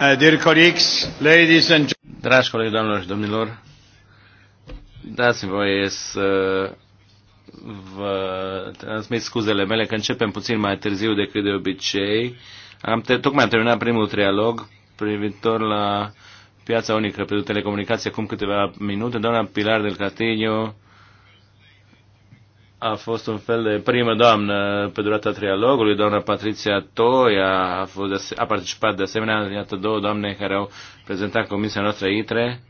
Uh, dear colleagues, ladies and Dragi colegi, doamnelor și domnilor, dați-mi voie să vă transmit scuzele mele că începem puțin mai târziu decât de obicei. Am te- tocmai am terminat primul trialog privitor la piața unică pentru telecomunicație acum câteva minute. Doamna Pilar del Castillo a fost un fel de primă doamnă pe durata trialogului, doamna Patricia Toia a, fost, a participat de asemenea, iată două doamne care au prezentat comisia noastră ITRE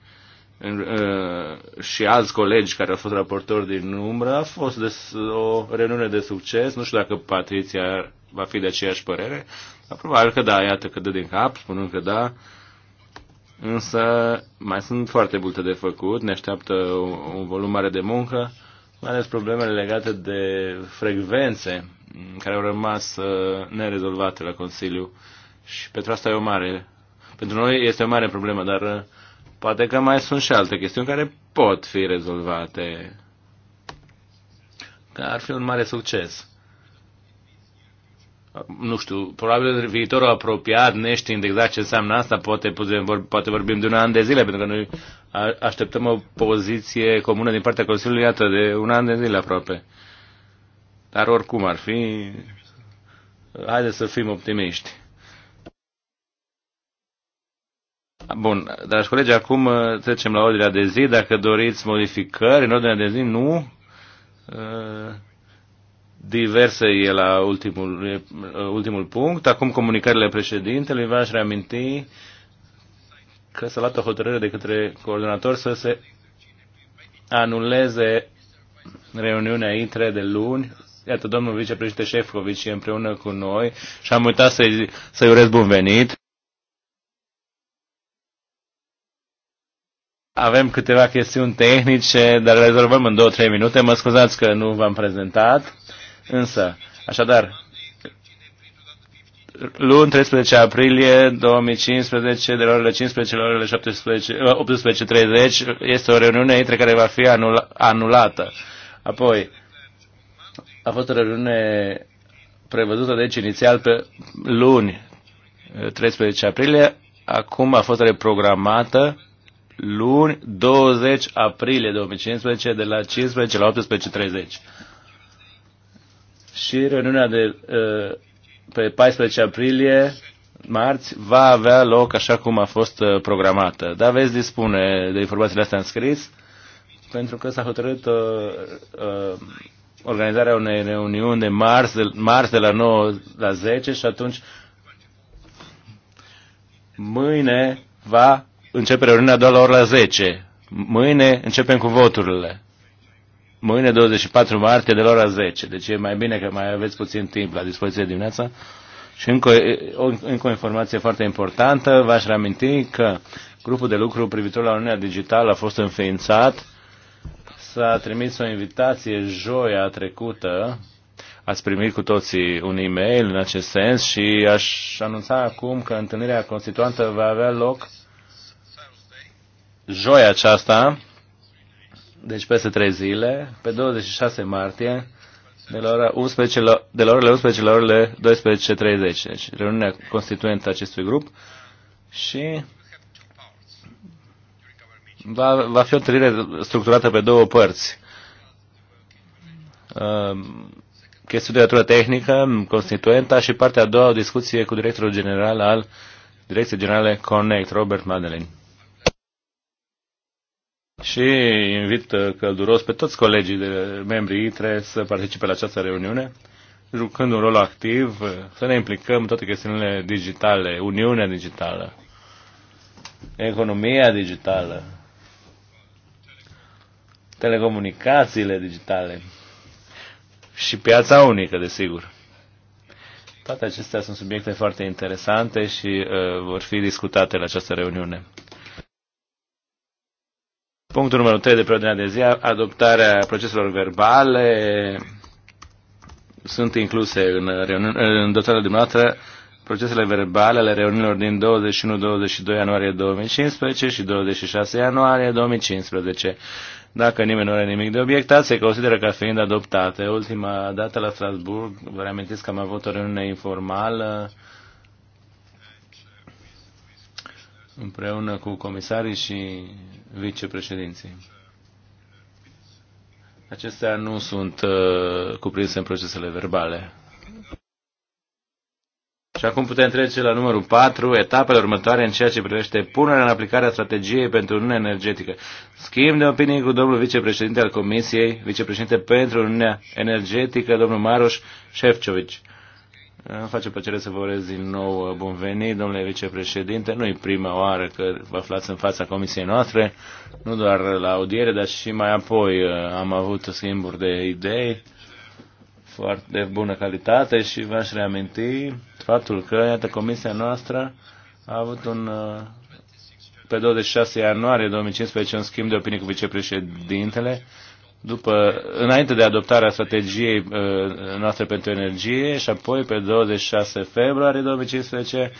în, uh, și alți colegi care au fost raportori din umbră. A fost des, o reuniune de succes, nu știu dacă Patricia va fi de aceeași părere, dar probabil că da, iată că dă din cap, spunând că da. Însă mai sunt foarte multe de făcut, ne așteaptă un, un volum mare de muncă mai ales problemele legate de frecvențe care au rămas uh, nerezolvate la Consiliu. Și pentru asta e o mare. Pentru noi este o mare problemă, dar uh, poate că mai sunt și alte chestiuni care pot fi rezolvate. Că ar fi un mare succes nu știu, probabil viitorul apropiat, neștiind exact ce înseamnă asta, poate, poate vorbim de un an de zile, pentru că noi așteptăm o poziție comună din partea Consiliului, iată, de un an de zile aproape. Dar oricum ar fi, haideți să fim optimiști. Bun, dragi colegi, acum uh, trecem la ordinea de zi. Dacă doriți modificări în ordinea de zi, nu. Uh, diverse e la ultimul, uh, ultimul punct. Acum comunicările președintelui, v-aș reaminti că s-a luat o hotărâre de către coordonator să se anuleze reuniunea intre de luni. Iată, domnul vicepreședinte Șefcovici e împreună cu noi și am uitat să-i, să-i urez bun venit. Avem câteva chestiuni tehnice, dar rezolvăm în 2-3 minute. Mă scuzați că nu v-am prezentat. Însă, așadar, luni 13 aprilie 2015, de la orele 15 la orele 18.30, ă, este o reuniune între care va fi anula, anulată. Apoi, a fost o reuniune prevăzută, deci, inițial pe luni 13 ă, aprilie, acum a fost reprogramată luni 20 aprilie 2015 de la 15 la 18.30 și reuniunea de pe 14 aprilie, marți, va avea loc așa cum a fost programată. Dar veți dispune de informațiile astea în scris, pentru că s-a hotărât uh, uh, organizarea unei reuniuni de marți, de marți de la 9 la 10 și atunci mâine va începe reuniunea doar la ora 10. Mâine începem cu voturile mâine 24 martie de la ora 10. Deci e mai bine că mai aveți puțin timp la dispoziție dimineața. Și încă o, încă o informație foarte importantă, v-aș reaminti că grupul de lucru privitor la Uniunea Digitală a fost înființat. S-a trimis o invitație joia trecută. Ați primit cu toții un e-mail în acest sens și aș anunța acum că întâlnirea constituantă va avea loc joia aceasta, deci peste trei zile, pe 26 martie, de la, ora 11 de la orele 11 la orele 12.30, deci reuniunea constituentă a acestui grup și va, va fi o întâlnire structurată pe două părți. Um, ehm, chestiune de natură tehnică, constituenta și partea a doua o discuție cu directorul general al Direcției Generale Connect, Robert Madeline. Și invit uh, călduros pe toți colegii de membrii ITRE să participe la această reuniune, jucând un rol activ, uh, să ne implicăm în toate chestiunile digitale, Uniunea Digitală, economia digitală, telecomunicațiile digitale și piața unică, desigur. Toate acestea sunt subiecte foarte interesante și uh, vor fi discutate la această reuniune. Punctul numărul 3 de pe ordinea de zi, adoptarea proceselor verbale. Sunt incluse în, în dotarea dumneavoastră procesele verbale ale reuniunilor din 21-22 ianuarie 2015 și 26 ianuarie 2015. Dacă nimeni nu are nimic de obiectat, se consideră ca fiind adoptate. Ultima dată la Strasburg, vă reamintesc că am avut o reuniune informală împreună cu comisarii și vicepreședinții. Acestea nu sunt uh, cuprinse în procesele verbale. Și acum putem trece la numărul 4, etapele următoare în ceea ce privește punerea în aplicare a strategiei pentru Uniunea Energetică. Schimb de opinie cu domnul vicepreședinte al Comisiei, vicepreședinte pentru Uniunea Energetică, domnul Maroș Șefcovici. Îmi face plăcere să vă urez din nou uh, bun venit, domnule vicepreședinte. Nu e prima oară că vă aflați în fața comisiei noastre, nu doar la audiere, dar și mai apoi uh, am avut schimburi de idei foarte de bună calitate și v-aș reaminti faptul că, iată, comisia noastră a avut un uh, pe 26 ianuarie 2015 un schimb de opinie cu vicepreședintele după, înainte de adoptarea strategiei uh, noastre pentru energie și apoi pe 26 februarie 2015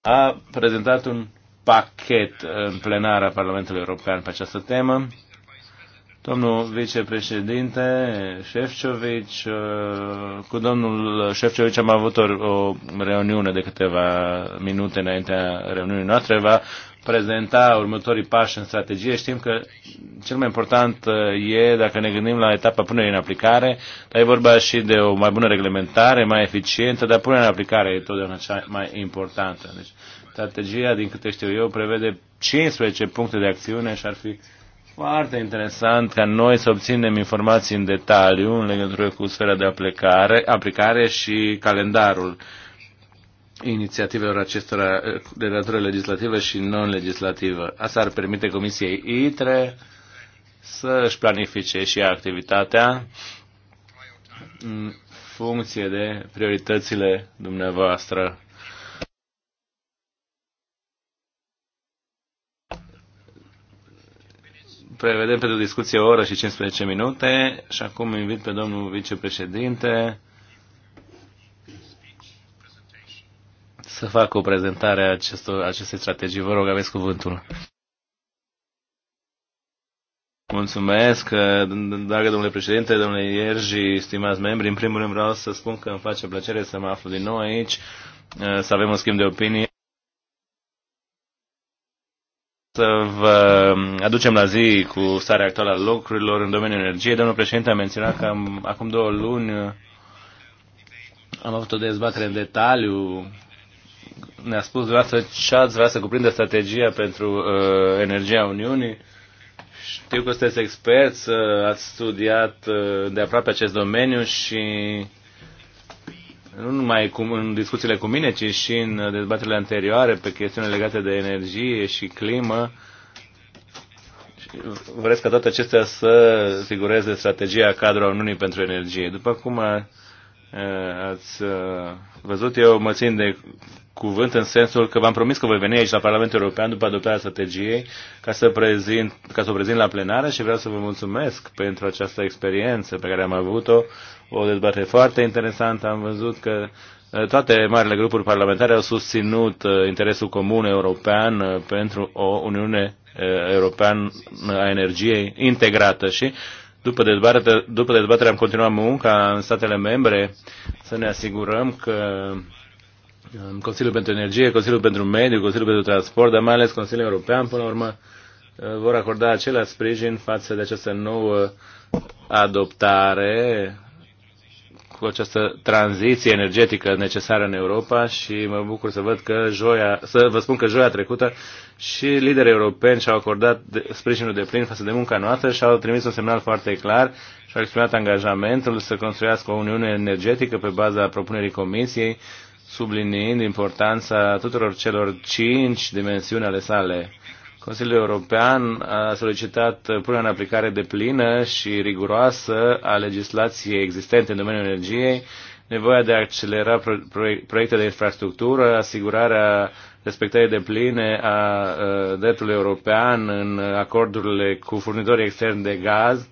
a prezentat un pachet în plenara Parlamentului European pe această temă. Domnul vicepreședinte Șefcovic, uh, cu domnul Șefcovic am avut o, o reuniune de câteva minute înaintea reuniunii noastre, va prezenta următorii pași în strategie. Știm că cel mai important uh, e, dacă ne gândim la etapa punerii în aplicare, dar e vorba și de o mai bună reglementare, mai eficientă, dar punerea în aplicare e totdeauna cea mai importantă. Deci, strategia, din câte știu eu, prevede 15 puncte de acțiune și ar fi foarte interesant ca noi să obținem informații în detaliu în legătură cu sfera de aplicare, aplicare și calendarul inițiativelor acestora de natură legislativă și non-legislativă. Asta ar permite Comisiei ITRE să își planifice și activitatea în funcție de prioritățile dumneavoastră. Prevedem pentru discuție o oră și 15 minute și acum invit pe domnul vicepreședinte să fac o prezentare a acestor, acestei strategii. Vă rog, aveți cuvântul. Mulțumesc, dragă domnule președinte, domnule Ierji, stimați membri. În primul rând vreau să spun că îmi face plăcere să mă aflu din nou aici, să avem un schimb de opinie. Să vă aducem la zi cu starea actuală a lucrurilor în domeniul energiei. Domnul președinte a menționat că am, acum două luni am avut o dezbatere în detaliu ne-a spus dumneavoastră ce ați vrea să cuprindă strategia pentru uh, energia Uniunii. Știu că sunteți experți, uh, ați studiat uh, de aproape acest domeniu și nu numai cum, în discuțiile cu mine, ci și în uh, dezbaterile anterioare pe chestiuni legate de energie și climă. Vreți ca toate acestea să figureze strategia cadrul Uniunii pentru energie. După cum uh, Eh, ați eh, văzut, eu mă țin de cuvânt în sensul că v-am promis că voi veni aici la Parlamentul European după adoptarea strategiei ca să, prezint, ca să o prezint la plenară și vreau să vă mulțumesc pentru această experiență pe care am avut-o. O dezbatere foarte interesantă. Am văzut că eh, toate marile grupuri parlamentare au susținut interesul comun european pentru o Uniune Europeană a energiei integrată și uh, după dezbatere, după dezbatere am continuat munca în statele membre să ne asigurăm că um, Consiliul pentru Energie, Consiliul pentru Mediu, Consiliul pentru Transport, dar mai ales Consiliul European, până la urmă, uh, vor acorda același sprijin față de această nouă adoptare cu această tranziție energetică necesară în Europa și mă bucur să văd că joia, să vă spun că joia trecută și liderii europeni și-au acordat sprijinul de plin față de munca noastră și au trimis un semnal foarte clar și au exprimat angajamentul să construiască o uniune energetică pe baza propunerii Comisiei, subliniind importanța tuturor celor cinci dimensiuni ale sale Consiliul European a solicitat punerea în aplicare de plină și riguroasă a legislației existente în domeniul energiei, nevoia de a accelera proiecte de infrastructură, asigurarea respectării de pline a dreptului european în acordurile cu furnizorii externi de gaz,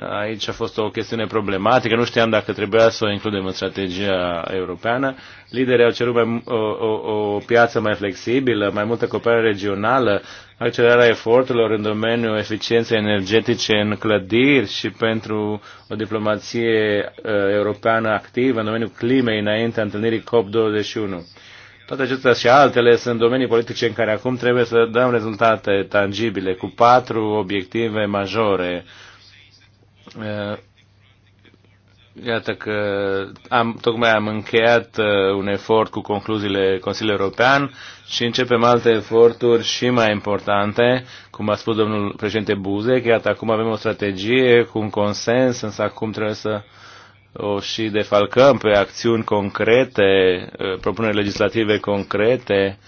Aici a fost o chestiune problematică, nu știam dacă trebuia să o includem în strategia europeană. Liderii au cerut mai, o, o, o piață mai flexibilă, mai multă cooperare regională, accelerarea eforturilor în domeniul eficienței energetice în clădiri și pentru o diplomație uh, europeană activă în domeniul climei înaintea întâlnirii COP21. Toate acestea și altele sunt domenii politice în care acum trebuie să dăm rezultate tangibile cu patru obiective majore Uh, iată că am, tocmai am încheiat uh, un efort cu concluziile Consiliului European și începem alte eforturi și mai importante, cum a spus domnul președinte Buzek. Iată, acum avem o strategie cu un consens, însă acum trebuie să o și defalcăm pe acțiuni concrete, uh, propuneri legislative concrete,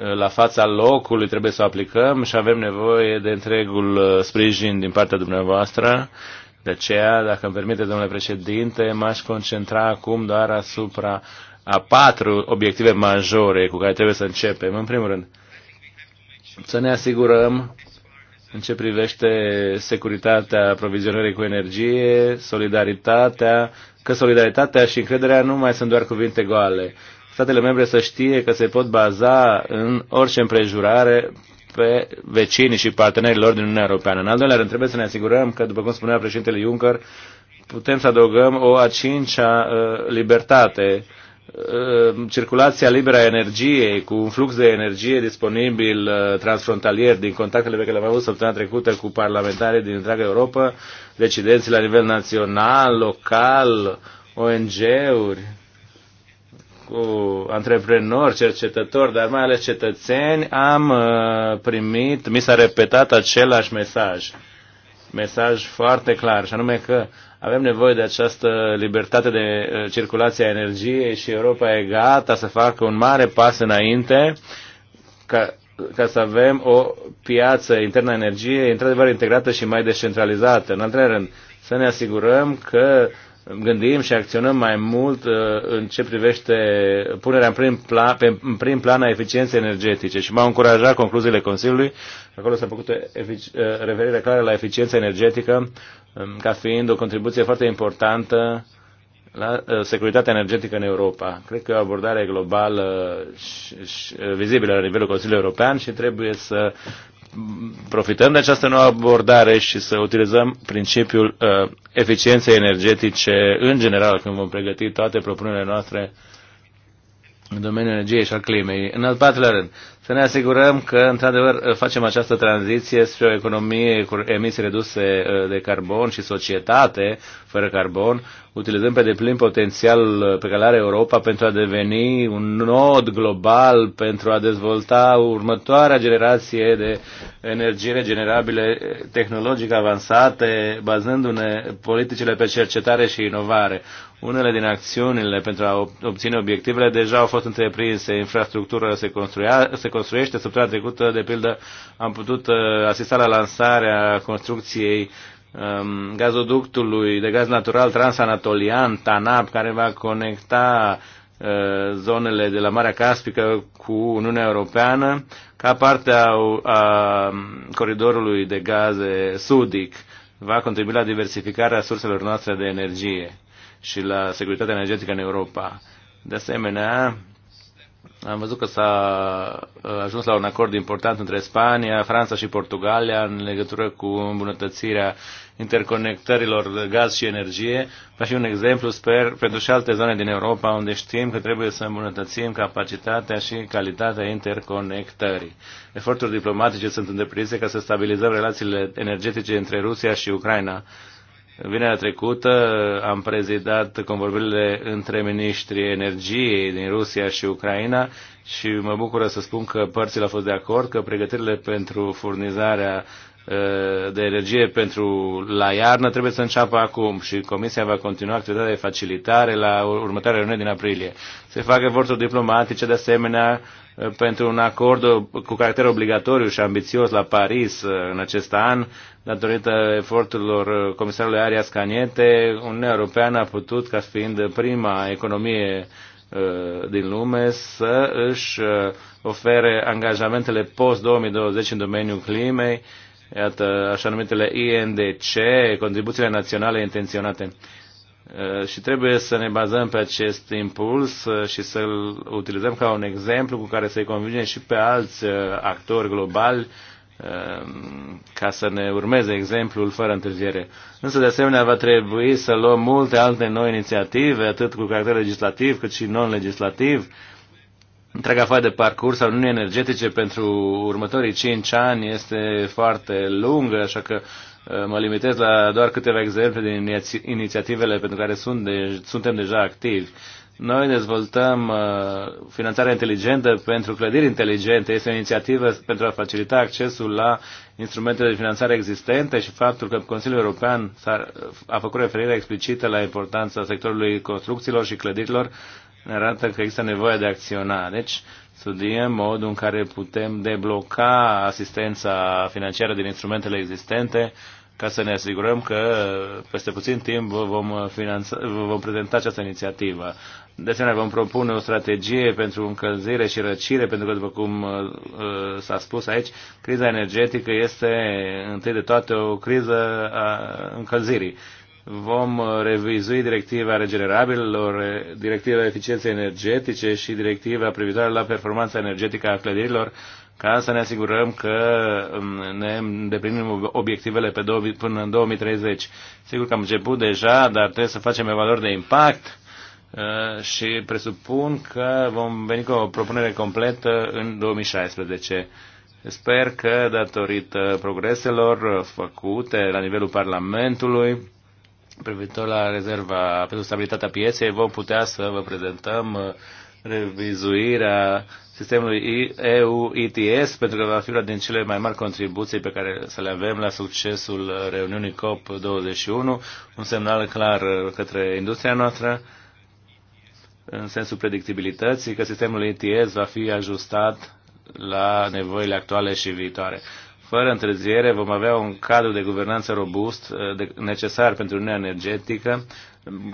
Eh, la fața locului trebuie să o aplicăm și avem nevoie de întregul eh, sprijin din partea dumneavoastră. De aceea, dacă îmi permite, domnule președinte, m-aș concentra acum doar asupra a patru obiective majore cu care trebuie să începem. În primul rând, să ne asigurăm în ce privește securitatea aprovizionării cu energie, solidaritatea, că solidaritatea și încrederea nu mai sunt doar cuvinte goale statele membre să știe că se pot baza în orice împrejurare pe vecinii și partenerii lor din Uniunea Europeană. În al doilea rând, trebuie să ne asigurăm că, după cum spunea președintele Juncker, putem să adăugăm o a cincea uh, libertate, uh, circulația liberă a energiei, cu un flux de energie disponibil uh, transfrontalier din contactele pe care le-am avut săptămâna trecută cu parlamentarii din întreaga Europa, decidenții la nivel național, local, ONG-uri, cu antreprenori, cercetători, dar mai ales cetățeni, am uh, primit, mi s-a repetat același mesaj. Mesaj foarte clar, și anume că avem nevoie de această libertate de uh, circulație a energiei și Europa e gata să facă un mare pas înainte ca, ca să avem o piață internă a energiei într-adevăr integrată și mai descentralizată. În al treilea rând, să ne asigurăm că gândim și acționăm mai mult uh, în ce privește punerea în prim plan, pe, în prim plan a eficienței energetice. Și m-au încurajat concluziile Consiliului, acolo s-a făcut uh, referire clară la eficiența energetică um, ca fiind o contribuție foarte importantă la uh, securitatea energetică în Europa. Cred că e o abordare globală și, și, vizibilă la nivelul Consiliului European și trebuie să profităm de această nouă abordare și să utilizăm principiul uh, eficienței energetice în general când vom pregăti toate propunerile noastre în domeniul energiei și al climei. În al patrulea rând, să ne asigurăm că, într-adevăr, facem această tranziție spre o economie cu emisii reduse uh, de carbon și societate fără carbon, utilizând pe deplin potențial uh, pe care are Europa pentru a deveni un nod global, pentru a dezvolta următoarea generație de energie regenerabile tehnologic avansate, bazându-ne politicile pe cercetare și inovare. Unele din acțiunile pentru a obține obiectivele deja au fost întreprinse, infrastructura se, se construiește. Săptămâna trecută, de pildă, am putut uh, asista la lansarea construcției um, gazoductului de gaz natural transanatolian, TANAP, care va conecta uh, zonele de la Marea Caspică cu Uniunea Europeană ca parte a, a coridorului de gaze sudic va contribui la diversificarea surselor noastre de energie și la securitatea energetică în Europa. De asemenea, am văzut că s-a uh, ajuns la un acord important între Spania, Franța și Portugalia în legătură cu îmbunătățirea interconectărilor de gaz și energie. Va fi un exemplu, sper, pentru și alte zone din Europa unde știm că trebuie să îmbunătățim capacitatea și calitatea interconectării. Eforturi diplomatice sunt întreprinse ca să stabilizăm relațiile energetice între Rusia și Ucraina Vinerea trecută am prezidat convorbirile între ministrii energiei din Rusia și Ucraina și mă bucură să spun că părțile au fost de acord că pregătirile pentru furnizarea uh, de energie pentru la iarnă trebuie să înceapă acum și Comisia va continua activitatea de facilitare la următoarea reuniune din aprilie. Se fac eforturi diplomatice de asemenea uh, pentru un acord cu caracter obligatoriu și ambițios la Paris uh, în acest an datorită eforturilor uh, comisarului Arias Caniete, Uniunea Europeană a putut, ca fiind prima economie uh, din lume să își uh, ofere angajamentele post-2020 în domeniul climei, iată, așa numitele INDC, contribuțiile naționale intenționate. Și trebuie să ne bazăm pe acest impuls și să-l utilizăm ca un exemplu cu care să-i convingem și pe alți actori globali Ehm, ca să ne urmeze exemplul fără întârziere. Însă, de asemenea, va trebui să luăm multe alte noi inițiative, atât cu caracter legislativ cât și non-legislativ, întreaga foaie de parcurs al Uniunii Energetice pentru următorii 5 ani este foarte lungă, așa că mă limitez la doar câteva exemple din inițiativele pentru care sunt de, suntem deja activi. Noi dezvoltăm uh, finanțarea inteligentă pentru clădiri inteligente. Este o inițiativă pentru a facilita accesul la instrumentele de finanțare existente și faptul că Consiliul European a a făcut referire explicită la importanța sectorului construcțiilor și clădirilor ne arată că există nevoie de a acționa. Deci, studiem modul în care putem debloca asistența financiară din instrumentele existente ca să ne asigurăm că peste puțin timp vom, finanța, vom prezenta această inițiativă. De asemenea, vom propune o strategie pentru încălzire și răcire, pentru că, după cum uh, uh, s-a spus aici, criza energetică este, întâi de toate, o criză a încălzirii. Vom uh, revizui directiva regenerabililor, directiva eficienței energetice și directiva privitoare la performanța energetică a clădirilor, ca să ne asigurăm că um, ne îndeplinim obiectivele pe 2000, până în 2030. Sigur că am început deja, dar trebuie să facem evaluări de impact Uh, și presupun că vom veni cu o propunere completă în 2016. Sper că, datorită progreselor făcute la nivelul Parlamentului, privitor la rezerva pentru stabilitatea pieței, vom putea să vă prezentăm uh, revizuirea sistemului EU ETS, pentru că va fi una din cele mai mari contribuții pe care să le avem la succesul reuniunii COP21, un semnal clar uh, către industria noastră în sensul predictibilității că sistemul ETS va fi ajustat la nevoile actuale și viitoare. Fără întârziere vom avea un cadru de guvernanță robust eh, necesar pentru Uniunea Energetică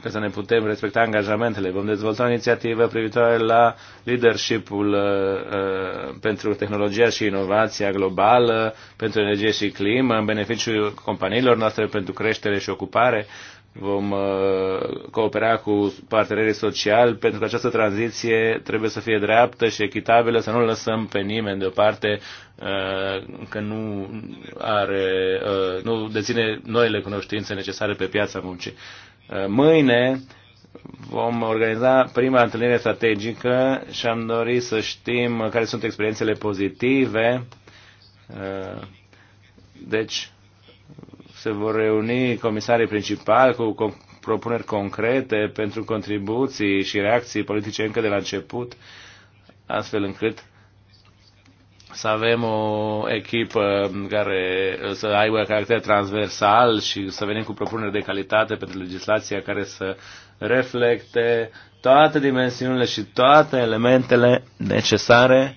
ca să ne putem respecta angajamentele. Vom dezvolta o inițiativă privitoare la leadership-ul uh, pentru tehnologia și inovația globală, pentru energie și climă, în beneficiul companiilor noastre pentru creștere și ocupare. Uh, Vom uh, coopera cu partenerii sociali pentru că această tranziție trebuie să fie dreaptă și echitabilă, să nu lăsăm pe nimeni deoparte uh, că nu, are, uh, nu deține noile cunoștințe necesare pe piața muncii. Mâine vom organiza prima întâlnire strategică și am dorit să știm care sunt experiențele pozitive. Deci, se vor reuni comisarii principali cu propuneri concrete pentru contribuții și reacții politice încă de la început, astfel încât să avem o echipă care să aibă caracter transversal și să venim cu propuneri de calitate pentru legislația care să reflecte toate dimensiunile și toate elementele necesare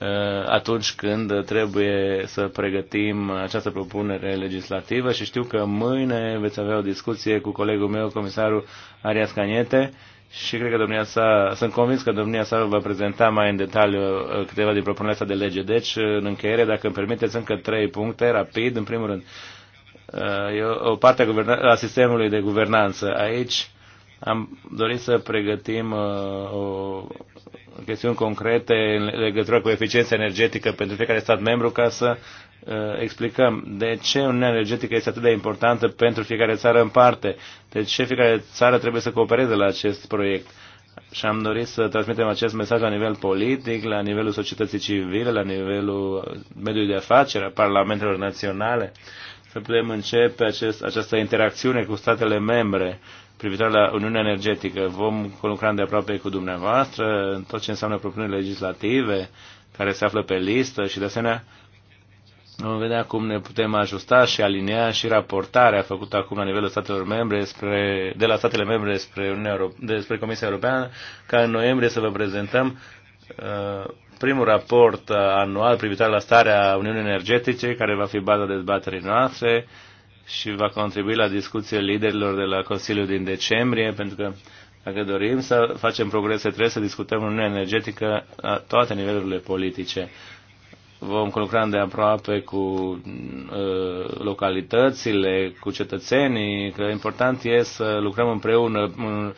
Uh, atunci când trebuie să pregătim această propunere legislativă și știu că mâine veți avea o discuție cu colegul meu, comisarul Arias Caniete, și cred că domnia sa, sunt convins că domnia sa va prezenta mai în detaliu uh, câteva din propunerea asta de lege. Deci, în încheiere, dacă îmi permiteți încă trei puncte, rapid, în primul rând, uh, e o parte a, a sistemului de guvernanță. Aici am dorit să pregătim uh, o chestiuni concrete în legătură cu eficiența energetică pentru fiecare stat membru ca să uh, explicăm de ce Uniunea Energetică este atât de importantă pentru fiecare țară în parte, de ce fiecare țară trebuie să coopereze la acest proiect. Și am dorit să transmitem acest mesaj la nivel politic, la nivelul societății civile, la nivelul mediului de afaceri, a parlamentelor naționale, să putem începe acest, această interacțiune cu statele membre privitoare la Uniunea Energetică. Vom lucra de aproape cu dumneavoastră în tot ce înseamnă propuneri legislative care se află pe listă și de asemenea vom vedea cum ne putem ajusta și alinea și raportarea făcută acum la nivelul statelor membre spre, de la statele membre spre, Uniunea Europe, despre Comisia Europeană ca în noiembrie să vă prezentăm uh, primul raport uh, anual privitor la starea Uniunii Energetice, care va fi baza dezbaterii noastre, și va contribui la discuția liderilor de la Consiliul din decembrie, pentru că dacă dorim să facem progrese, trebuie să discutăm Uniunea Energetică la toate nivelurile politice. Vom lucra de aproape cu uh, localitățile, cu cetățenii, că important e să lucrăm împreună mm,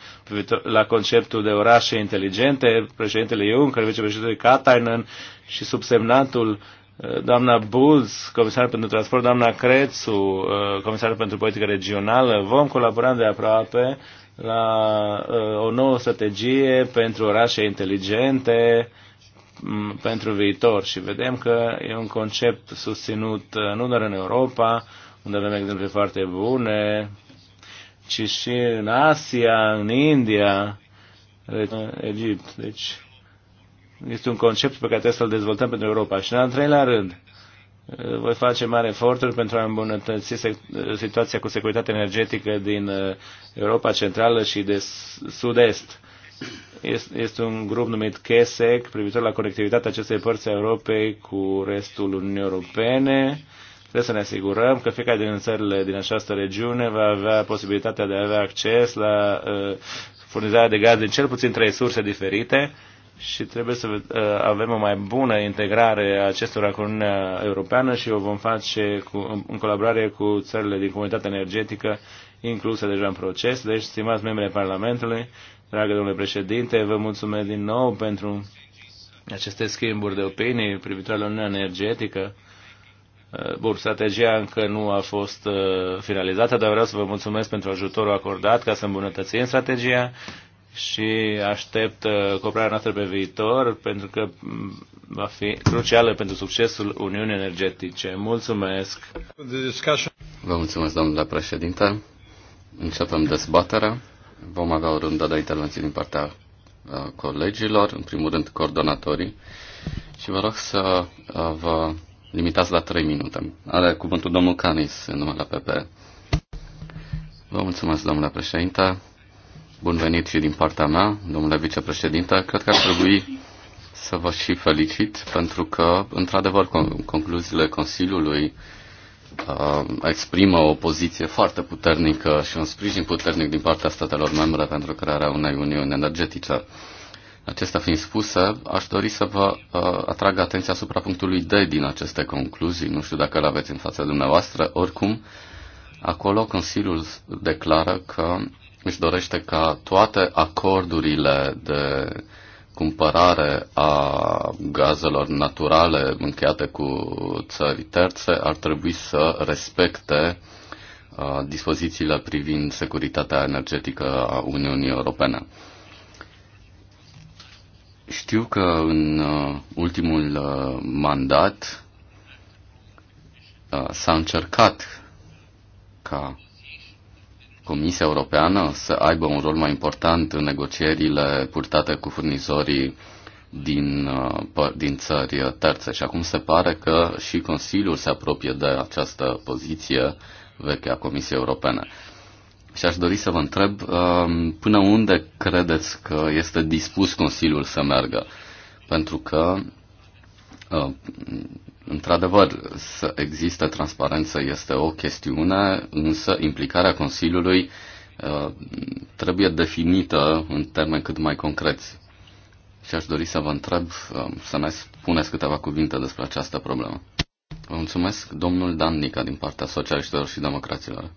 la conceptul de orașe inteligente. Președintele Juncker, vicepreședintele Katainen și subsemnatul doamna Buz, comisar pentru transport, doamna Crețu, uh, comisar pentru politică regională, vom colabora de aproape la uh, o nouă strategie pentru orașe inteligente pentru viitor și vedem că e un concept susținut uh, nu doar în Europa, unde avem exemple foarte bune, ci și în Asia, în India, Egipt. Deci, este un concept pe care trebuie să-l dezvoltăm pentru Europa. Și în al treilea rând, uh, voi face mare eforturi pentru a îmbunătăți uh, situația cu securitatea energetică din uh, Europa Centrală și de Sud-Est. Este un grup numit Kesec, privitor la conectivitatea acestei părți a Europei cu restul Uniunii Europene. Trebuie să ne asigurăm că fiecare din țările din această regiune va avea posibilitatea de a avea acces la furnizarea de gaz din cel puțin trei surse diferite și trebuie să uh, avem o mai bună integrare a acestora cu Uniunea Europeană și o vom face cu, în colaborare cu țările din comunitatea energetică inclusă deja în proces. Deci, stimați membrii Parlamentului, dragă domnule președinte, vă mulțumesc din nou pentru aceste schimburi de opinii privitoare la Uniunea Energetică. Uh, bun, strategia încă nu a fost uh, finalizată, dar vreau să vă mulțumesc pentru ajutorul acordat ca să îmbunătățim strategia și aștept uh, cooperarea noastră pe viitor pentru că mm, va fi crucială pentru succesul Uniunii Energetice. Mulțumesc! Vă mulțumesc, domnule președinte. Începem dezbaterea. Vom avea o rundă de intervenții din partea uh, colegilor, în primul rând coordonatorii. Și vă rog să uh, vă limitați la 3 minute. Are cuvântul domnul Canis în numele PP. Vă mulțumesc, domnule președinte. Bun venit și din partea mea, domnule vicepreședinte. Cred că ar trebui să vă și felicit pentru că, într-adevăr, concluziile Consiliului uh, exprimă o poziție foarte puternică și un sprijin puternic din partea statelor membre pentru crearea unei uniuni energetice. Acestea fiind spuse, aș dori să vă uh, atrag atenția asupra punctului D din aceste concluzii. Nu știu dacă le aveți în fața dumneavoastră. Oricum, acolo Consiliul declară că își dorește ca toate acordurile de cumpărare a gazelor naturale încheiate cu țări terțe ar trebui să respecte uh, dispozițiile privind securitatea energetică a Uniunii Europene. Știu că în uh, ultimul uh, mandat s-a încercat ca Comisia Europeană să aibă un rol mai important în negocierile purtate cu furnizorii din, uh, din țări terțe. Și acum se pare că și Consiliul se apropie de această poziție veche a Comisiei Europene. Și aș dori să vă întreb um, până unde credeți că este dispus Consiliul să meargă? Pentru că Uh, într-adevăr, să existe transparență este o chestiune, însă implicarea Consiliului uh, trebuie definită în termeni cât mai concreți. Și aș dori să vă întreb, uh, să ne spuneți câteva cuvinte despre această problemă. Vă mulțumesc, domnul Dan Nica, din partea Socialiștilor și Democraților.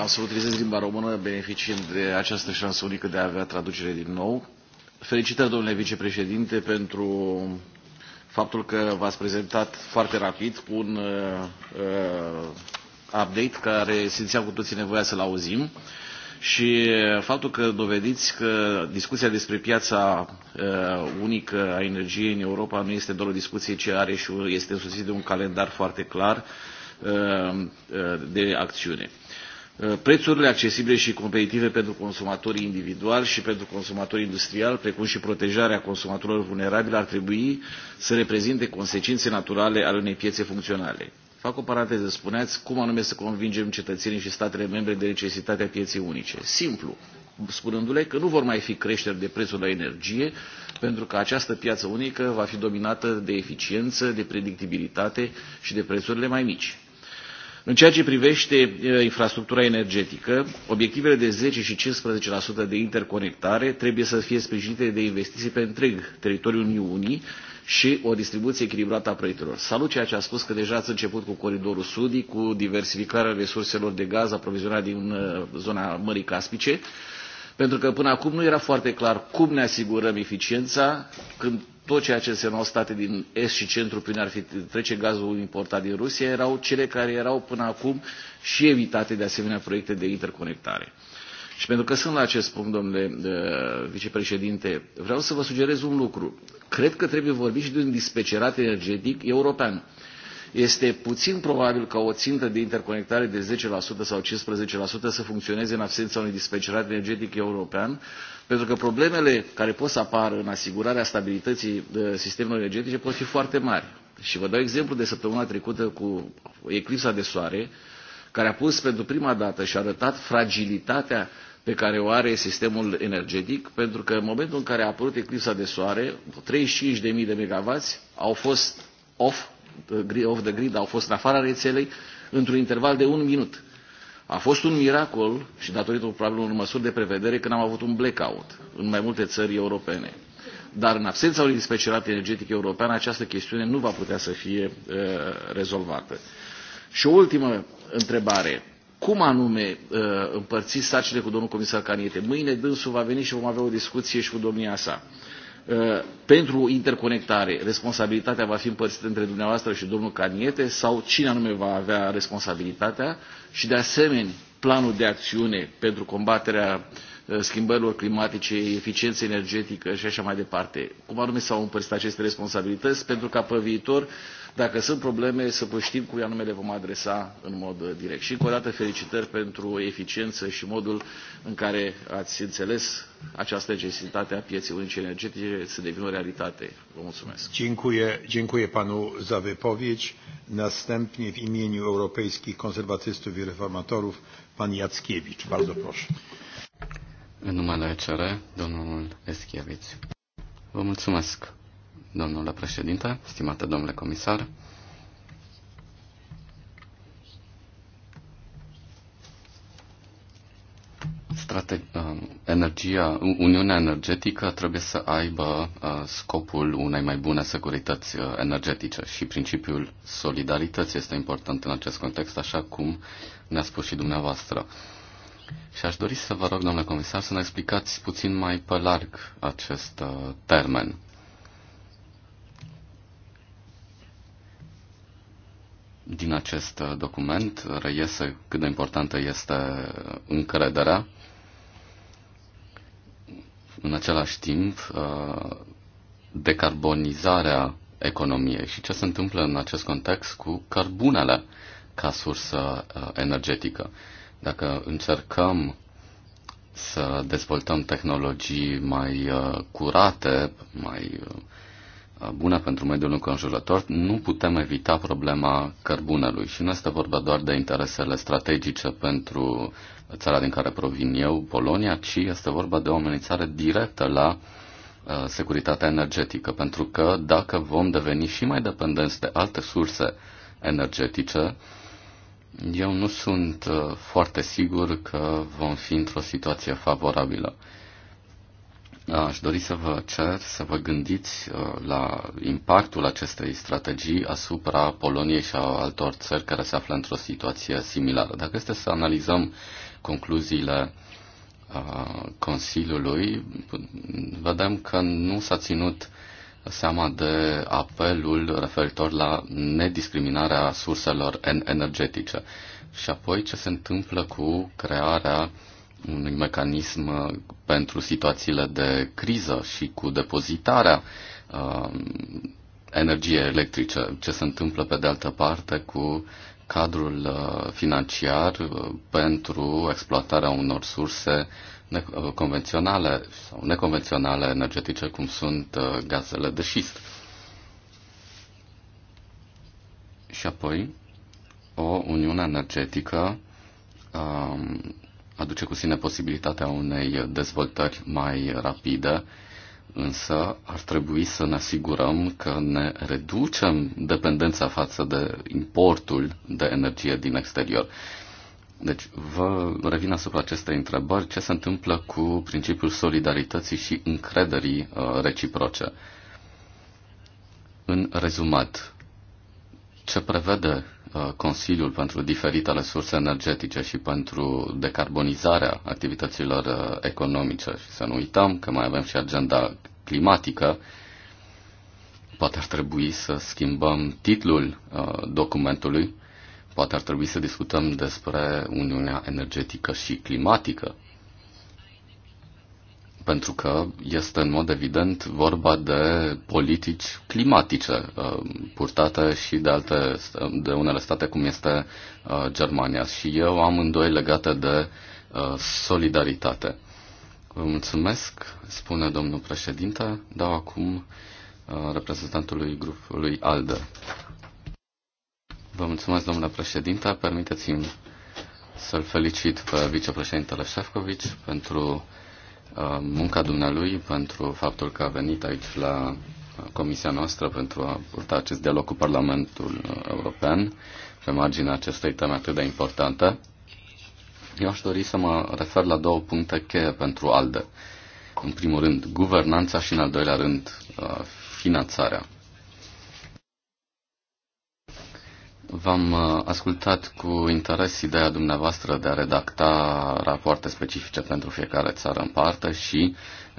Am să utilizez limba română, beneficiind de această șansă unică de a avea traducere din nou. Felicitări, domnule vicepreședinte, pentru faptul că v-ați prezentat foarte rapid cu un uh, uh, update care simțeam cu toții nevoia să-l auzim și faptul că dovediți că discuția despre piața uh, unică a energiei în Europa nu este doar o discuție ce are și este însuțit de un calendar foarte clar uh, uh de acțiune. Uh, Uh, prețurile accesibile și competitive pentru consumatorii individuali și pentru consumatorii industriali, precum și protejarea consumatorilor vulnerabili, ar trebui să reprezinte consecințe naturale ale unei piețe funcționale. Fac o paranteză, spuneați cum anume să convingem cetățenii și statele membre de necesitatea pieței unice. Simplu, spunându-le că nu vor mai fi creșteri de prețul la energie, pentru că această piață unică va fi dominată de eficiență, de predictibilitate și de prețurile mai mici. În ceea ce privește infrastructura energetică, obiectivele de 10 și 15% de interconectare trebuie să fie sprijinite de investiții pe întreg teritoriul Uniunii și o distribuție echilibrată a proiectelor. Salut ceea ce a spus că deja ați început cu coridorul sudic, cu diversificarea resurselor de gaz, aprovizionarea din zona Mării Caspice, pentru că până acum nu era foarte clar cum ne asigurăm eficiența când tot ceea ce însemnau state din est și centru prin ar fi trece gazul importat din Rusia erau cele care erau până acum și evitate de asemenea proiecte de interconectare. Și pentru că sunt la acest punct, domnule uh, vicepreședinte, vreau să vă sugerez un lucru. Cred că trebuie vorbit și de un dispecerat energetic european este puțin probabil ca o țintă de interconectare de 10% sau 15% să funcționeze în absența unui dispecerat energetic european, pentru că problemele care pot să apară în asigurarea stabilității uh, sistemelor energetice pot fi foarte mari. Și vă dau exemplu de săptămâna trecută cu eclipsa de soare, care a pus pentru prima dată și a arătat fragilitatea pe care o are sistemul energetic, pentru că în momentul în care a apărut eclipsa de soare, 35.000 de megavați au fost off off the grid au fost în afara rețelei într-un interval de un minut. A fost un miracol și datorită probabil unor măsuri de prevedere când am avut un blackout în mai multe țări europene. Dar în absența unui dispecerat energetic european, această chestiune nu va putea să fie uh, rezolvată. Și o ultimă întrebare. Cum anume uh, împărțiți sarcile cu domnul comisar Caniete? Mâine dânsul va veni și vom avea o discuție și cu domnia sa. Uh, Uh, pentru interconectare, responsabilitatea va fi împărțită între dumneavoastră și domnul Caniete sau cine anume va avea responsabilitatea și de asemenea planul de acțiune pentru combaterea Eh, schimbărilor climatice, eficiență energetică și așa mai departe. Cum anume s-au împărțit aceste responsabilități pentru ca pe viitor, dacă sunt probleme, să știm cui anume le vom adresa în mod direct. Și încă o dată felicitări pentru eficiență și modul în care ați înțeles această necesitate a pieței unice energetice să devină o realitate. Vă mulțumesc. Dziękuję, dziękuję panu za wypowiedź. Następnie w imieniu europejskich konserwatystów i reformatorów pan Jackiewicz. Bardzo proszę. În numele ECR, domnul Eschieviț. Vă mulțumesc, domnule președinte, stimate domnule comisar. Uh, energia, Uniunea Energetică trebuie să aibă uh, scopul unei mai bune securități uh, energetice și principiul solidarității este important în acest context, așa cum ne-a spus și dumneavoastră. Și aș dori să vă rog, domnule comisar, să ne explicați puțin mai pe larg acest uh, termen. Din acest uh, document reiese cât de importantă este uh, încrederea. În același timp, decarbonizarea economiei și ce se întâmplă în acest context cu cărbunele ca sursă energetică. Dacă încercăm să dezvoltăm tehnologii mai uh, curate, mai uh, bune pentru mediul înconjurător, nu putem evita problema cărbunelui. Și nu este vorba doar de interesele strategice pentru țara din care provin eu, Polonia, ci este vorba de o amenințare directă la uh, securitatea energetică, pentru că dacă vom deveni și mai dependenți de alte surse energetice, eu nu sunt uh, foarte sigur că vom fi într-o situație favorabilă. Aș dori să vă cer să vă gândiți uh, la impactul acestei strategii asupra Poloniei și a altor țări care se află într-o situație similară. Dacă este să analizăm concluziile uh, Consiliului, vedem că nu s-a ținut seama de apelul referitor la nediscriminarea surselor energetice. Și apoi ce se întâmplă cu crearea unui mecanism pentru situațiile de criză și cu depozitarea uh, energiei electrice, ce se întâmplă pe de altă parte cu cadrul uh, financiar uh, pentru exploatarea unor surse convenționale sau neconvenționale energetice, cum sunt uh, gazele de șist. Și apoi, o uniune energetică um, aduce cu sine posibilitatea unei dezvoltări mai rapide, însă ar trebui să ne asigurăm că ne reducem dependența față de importul de energie din exterior. Deci vă revin asupra acestei întrebări ce se întâmplă cu principiul solidarității și încrederii uh, reciproce. În rezumat, ce prevede uh, Consiliul pentru diferitele surse energetice și pentru decarbonizarea activităților uh, economice. Și să nu uităm că mai avem și agenda climatică. Poate ar trebui să schimbăm titlul documentului Poate ar trebui să discutăm despre Uniunea Energetică și Climatică, pentru că este în mod evident vorba de politici climatice uh, purtate și de, alte, uh, de unele state cum este uh, Germania. Și eu am îndoi legate de solidaritate. Vă mulțumesc, spune domnul președinte. Dau acum reprezentantului grupului ALDE. Vă mulțumesc, domnule președinte. Permiteți-mi să-l felicit pe vicepreședintele Șefcovic pentru uh, munca dumnealui, pentru faptul că a venit aici la uh, comisia noastră pentru a purta acest dialog cu Parlamentul uh, European pe marginea acestei teme atât de importante. Eu aș dori să mă refer la două puncte cheie pentru ALDE. În primul rând, guvernanța și, în al doilea rând, finanțarea. V-am uh, ascultat cu interes ideea dumneavoastră de a redacta rapoarte specifice pentru fiecare țară în parte și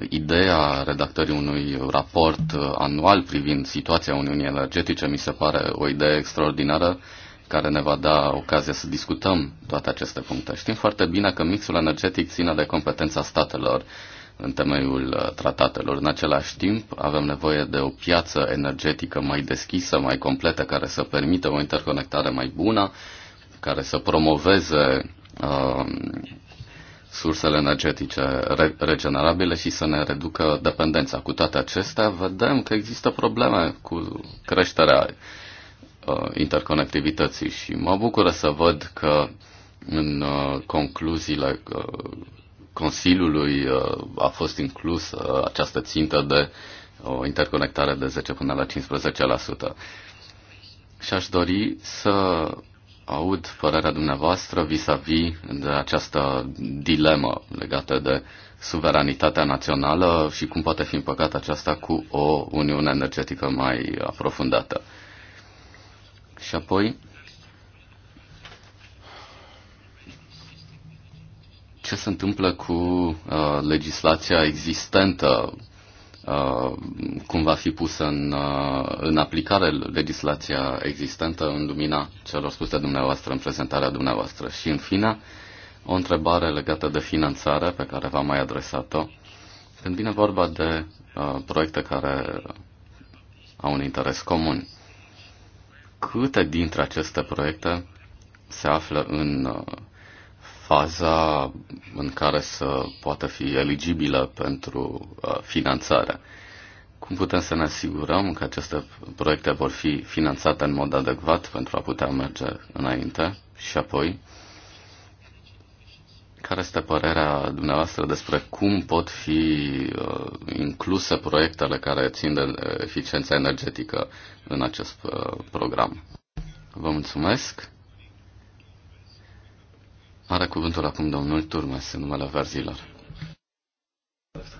ideea redactării unui raport uh, anual privind situația Uniunii Energetice mi se pare o idee extraordinară care ne va da ocazia să discutăm toate aceste puncte. Știm foarte bine că mixul energetic ține de competența statelor în temeiul uh, tratatelor. În același timp, avem nevoie de o piață energetică mai deschisă, mai completă, care să permită o interconectare mai bună, care să promoveze uh, sursele energetice regenerabile și să ne reducă dependența. Cu toate acestea, vedem că există probleme cu creșterea uh, interconectivității și mă bucură să văd că în uh, concluziile Consiliului uh, a fost inclus uh, această țintă de o interconectare de 10 până la 15%. Și aș dori să aud părerea dumneavoastră vis-a-vis -vis de această dilemă legată de suveranitatea națională și cum poate fi împăcată aceasta cu o uniune energetică mai aprofundată. Și apoi, ce se întâmplă cu uh, legislația existentă? Uh, cum va fi pusă în, uh, în aplicare legislația existentă în lumina celor spuse dumneavoastră în prezentarea dumneavoastră? Și, în fine, o întrebare legată de finanțare pe care v-am mai adresat-o. Când vine vorba de uh, proiecte care au un interes comun, câte dintre aceste proiecte se află în uh, faza în care să poată fi eligibilă pentru uh, finanțare. Cum putem să ne asigurăm că aceste proiecte vor fi finanțate în mod adecvat pentru a putea merge înainte și apoi? Care este părerea dumneavoastră despre cum pot fi uh, incluse proiectele care țin de eficiența energetică în acest uh, program? Vă mulțumesc! Are cuvântul acum domnul Turmes în numele verzilor.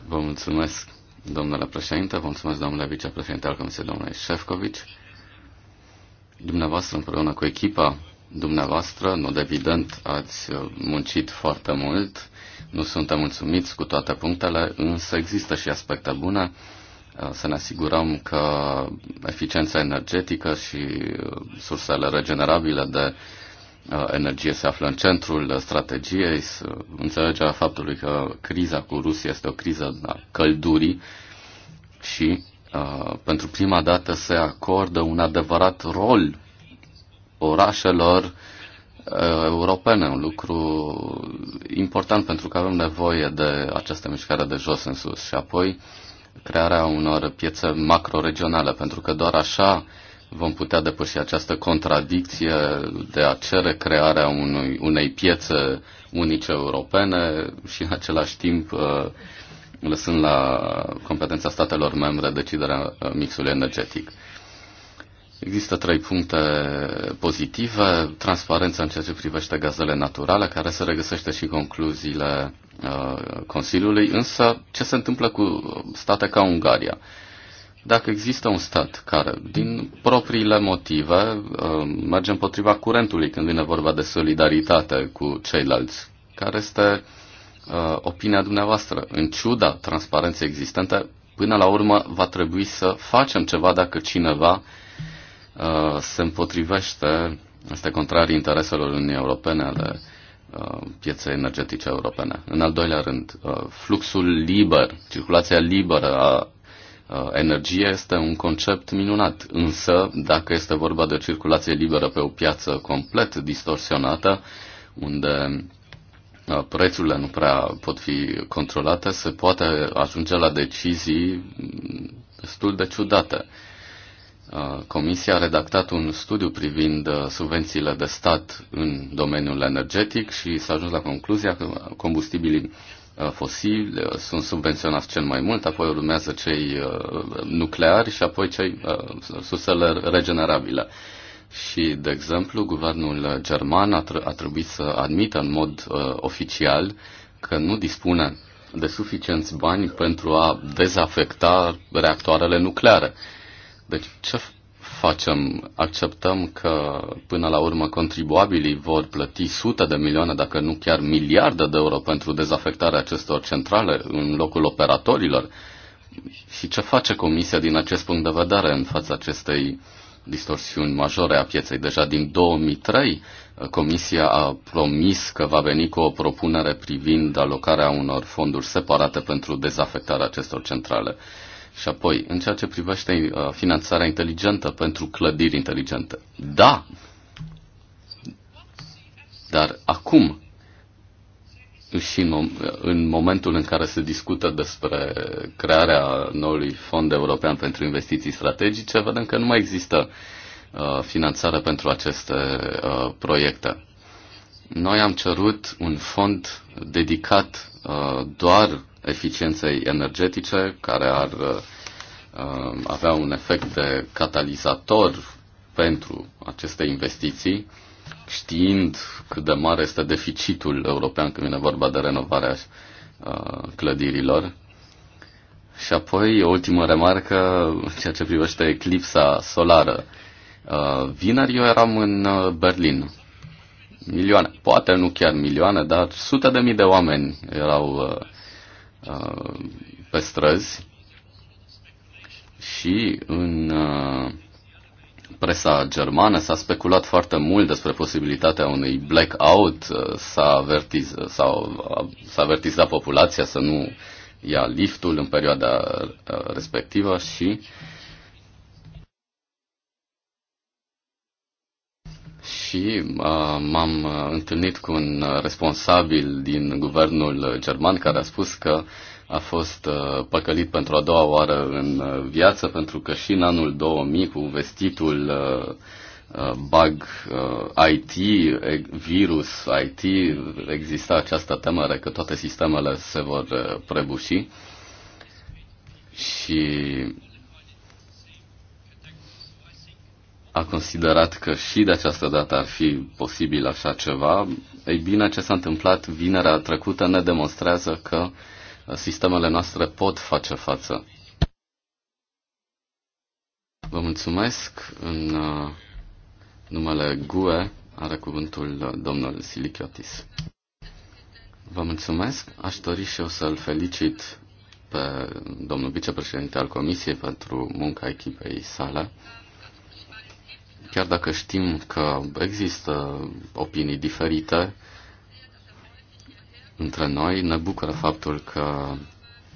Vă mulțumesc, domnule președinte, vă mulțumesc, domnule vicepreședinte al Comisiei, domnule Șefcovic. Dumneavoastră, împreună cu echipa dumneavoastră, în mod evident, ați muncit foarte mult. Nu suntem mulțumiți cu toate punctele, însă există și aspecte bune. Să ne asigurăm că eficiența energetică și sursele regenerabile de Uh, energie se află în centrul uh, strategiei, înțelegerea faptului că criza cu Rusia este o criză a căldurii și uh, pentru prima dată se acordă un adevărat rol orașelor uh, europene, un lucru important pentru că avem nevoie de această mișcare de jos în sus și apoi crearea unor piețe macroregionale, pentru că doar așa uh, vom putea depăși această contradicție de a cere crearea unui, unei piețe unice europene și în același timp uh, lăsând la competența statelor membre deciderea uh, mixului energetic. Există trei puncte pozitive. Transparența în ceea ce privește gazele naturale, care se regăsește și concluziile uh, Consiliului, însă ce se întâmplă cu state ca Ungaria? Dacă există un stat care, din propriile motive, uh, merge împotriva curentului când vine vorba de solidaritate cu ceilalți, care este uh, opinia dumneavoastră? În ciuda transparenței existente, până la urmă va trebui să facem ceva dacă cineva uh, se împotrivește, este contrar intereselor Uniunii Europene ale pieței energetice europene. În al doilea rând, fluxul liber, circulația liberă a Uh, energie este un concept minunat, însă dacă este vorba de circulație liberă pe o piață complet distorsionată, unde uh, prețurile nu prea pot fi controlate, se poate ajunge la decizii destul de ciudate. Uh, Comisia a redactat un studiu privind subvențiile de stat în domeniul energetic și s-a ajuns la concluzia că combustibilii Uh, fosili uh, sunt subvenționați cel mai mult, apoi urmează cei uh, nucleari și apoi cei sursele regenerabile. Și, de exemplu, guvernul german a, tr- a trebuit să admită în mod uh, oficial că nu dispune de suficienți bani pentru a dezafecta reactoarele nucleare. Deci, ce, facem? Acceptăm că până la urmă contribuabilii vor plăti sute de milioane, dacă nu chiar miliarde de euro pentru dezafectarea acestor centrale în locul operatorilor? Și ce face Comisia din acest punct de vedere în fața acestei distorsiuni majore a pieței? Deja din 2003 Comisia a promis că va veni cu o propunere privind alocarea unor fonduri separate pentru dezafectarea acestor centrale. Și apoi, în ceea ce privește uh, finanțarea inteligentă pentru clădiri inteligente. Da! Dar acum, și în, mom- în momentul în care se discută despre crearea noului fond european pentru investiții strategice, vedem că nu mai există uh, finanțare pentru aceste uh, proiecte. Noi am cerut un fond dedicat uh, doar eficienței energetice, care ar uh, avea un efect de catalizator pentru aceste investiții, știind cât de mare este deficitul european când vine vorba de renovarea uh, clădirilor. Și apoi, o ultimă remarcă, ceea ce privește eclipsa solară. Uh, vineri eu eram în Berlin. Milioane, poate nu chiar milioane, dar sute de mii de oameni erau Uh, pe străzi și în uh, presa germană s-a speculat foarte mult despre posibilitatea unui blackout, uh, s-a, avertiz, s-a, avertizat populația să nu ia liftul în perioada respectivă și uh, și uh, m-am uh, întâlnit cu un responsabil din guvernul german care a spus că a fost uh, păcălit pentru a doua oară în uh, viață pentru că și în anul 2000 cu vestitul uh, uh bug IT, virus IT, exista această temere că toate sistemele se vor prăbuși și a considerat că și de această dată ar fi posibil așa ceva, ei bine, ce s-a întâmplat vinerea trecută ne demonstrează că sistemele noastre pot face față. Vă mulțumesc. În uh, numele GUE are cuvântul domnul Silichiotis. Vă mulțumesc. Aș dori și eu să-l felicit pe domnul vicepreședinte al Comisiei pentru munca echipei sale chiar dacă știm că există opinii diferite între noi, ne bucură faptul că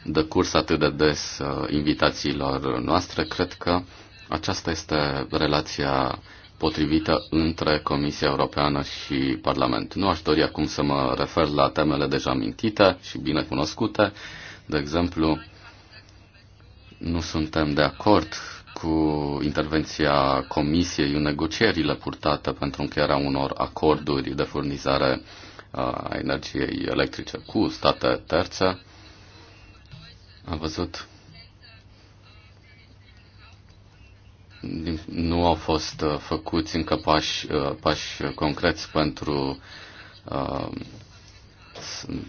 dă curs atât de des uh, invitațiilor noastre. Cred că aceasta este relația potrivită între Comisia Europeană și Parlament. Nu aș dori acum să mă refer la temele deja amintite și bine cunoscute. De exemplu, nu suntem de acord cu intervenția Comisiei în negocierile purtate pentru încheierea unor acorduri de furnizare uh, a energiei electrice cu state terțe. Am văzut. Nu au fost uh, făcuți încă pași, uh, pași concreți pentru,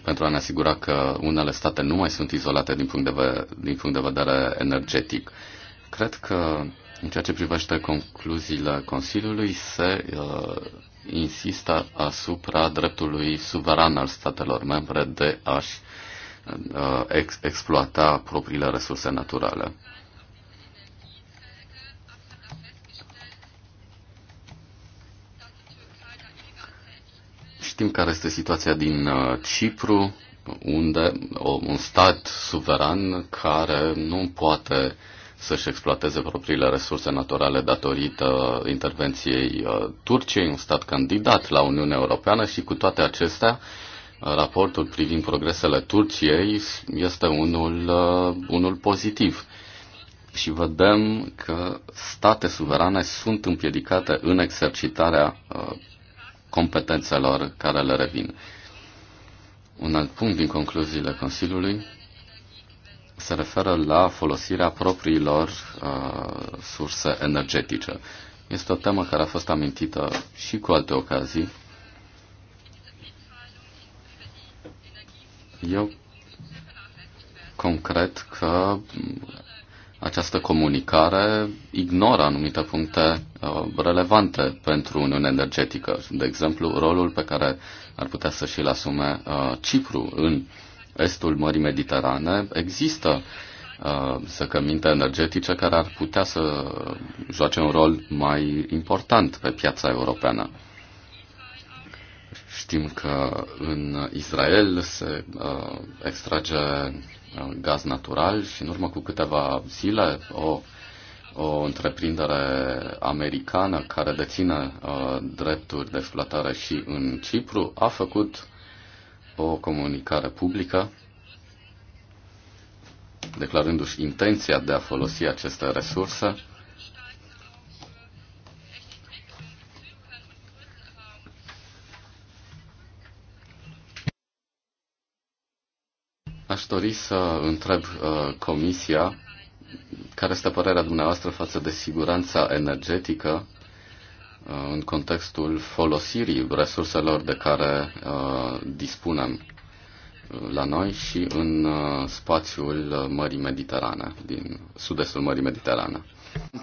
pentru a ne asigura că unele state nu mai sunt izolate din punct de, din punct de vedere energetic. Cred că în ceea ce privește concluziile Consiliului se uh, insistă asupra dreptului suveran al statelor membre de a-și uh, ex- exploata propriile resurse naturale. Știm care este situația din uh, Cipru, unde un stat suveran care nu poate uh, să-și exploateze propriile resurse naturale datorită intervenției uh, Turciei, un stat candidat la Uniunea Europeană și cu toate acestea, uh, raportul privind progresele Turciei este unul, uh, unul pozitiv. Și vedem că state suverane sunt împiedicate în exercitarea competențelor care le revin. Un alt punct din concluziile Consiliului se referă la folosirea propriilor uh, surse energetice. Este o temă care a fost amintită și cu alte ocazii. Eu concret că această comunicare ignoră anumite puncte uh, relevante pentru Uniunea Energetică, de exemplu rolul pe care ar putea să și-l asume uh, Cipru în uh, estul Mării Mediterane, există uh, săcăminte energetice care ar putea să joace un rol mai important pe piața europeană. Știm că în Israel se uh, extrage uh, gaz natural și în urmă cu câteva zile o, o întreprindere americană care deține uh, drepturi de exploatare și în Cipru a făcut o comunicare publică declarându-și intenția de a folosi aceste resurse. Aș dori să întreb uh, Comisia care este părerea dumneavoastră față de siguranța energetică Uh, în contextul folosirii resurselor de care uh, dispunem uh, la noi și în spațiul Mării Mediterane, din sud-estul Mării Mediterane.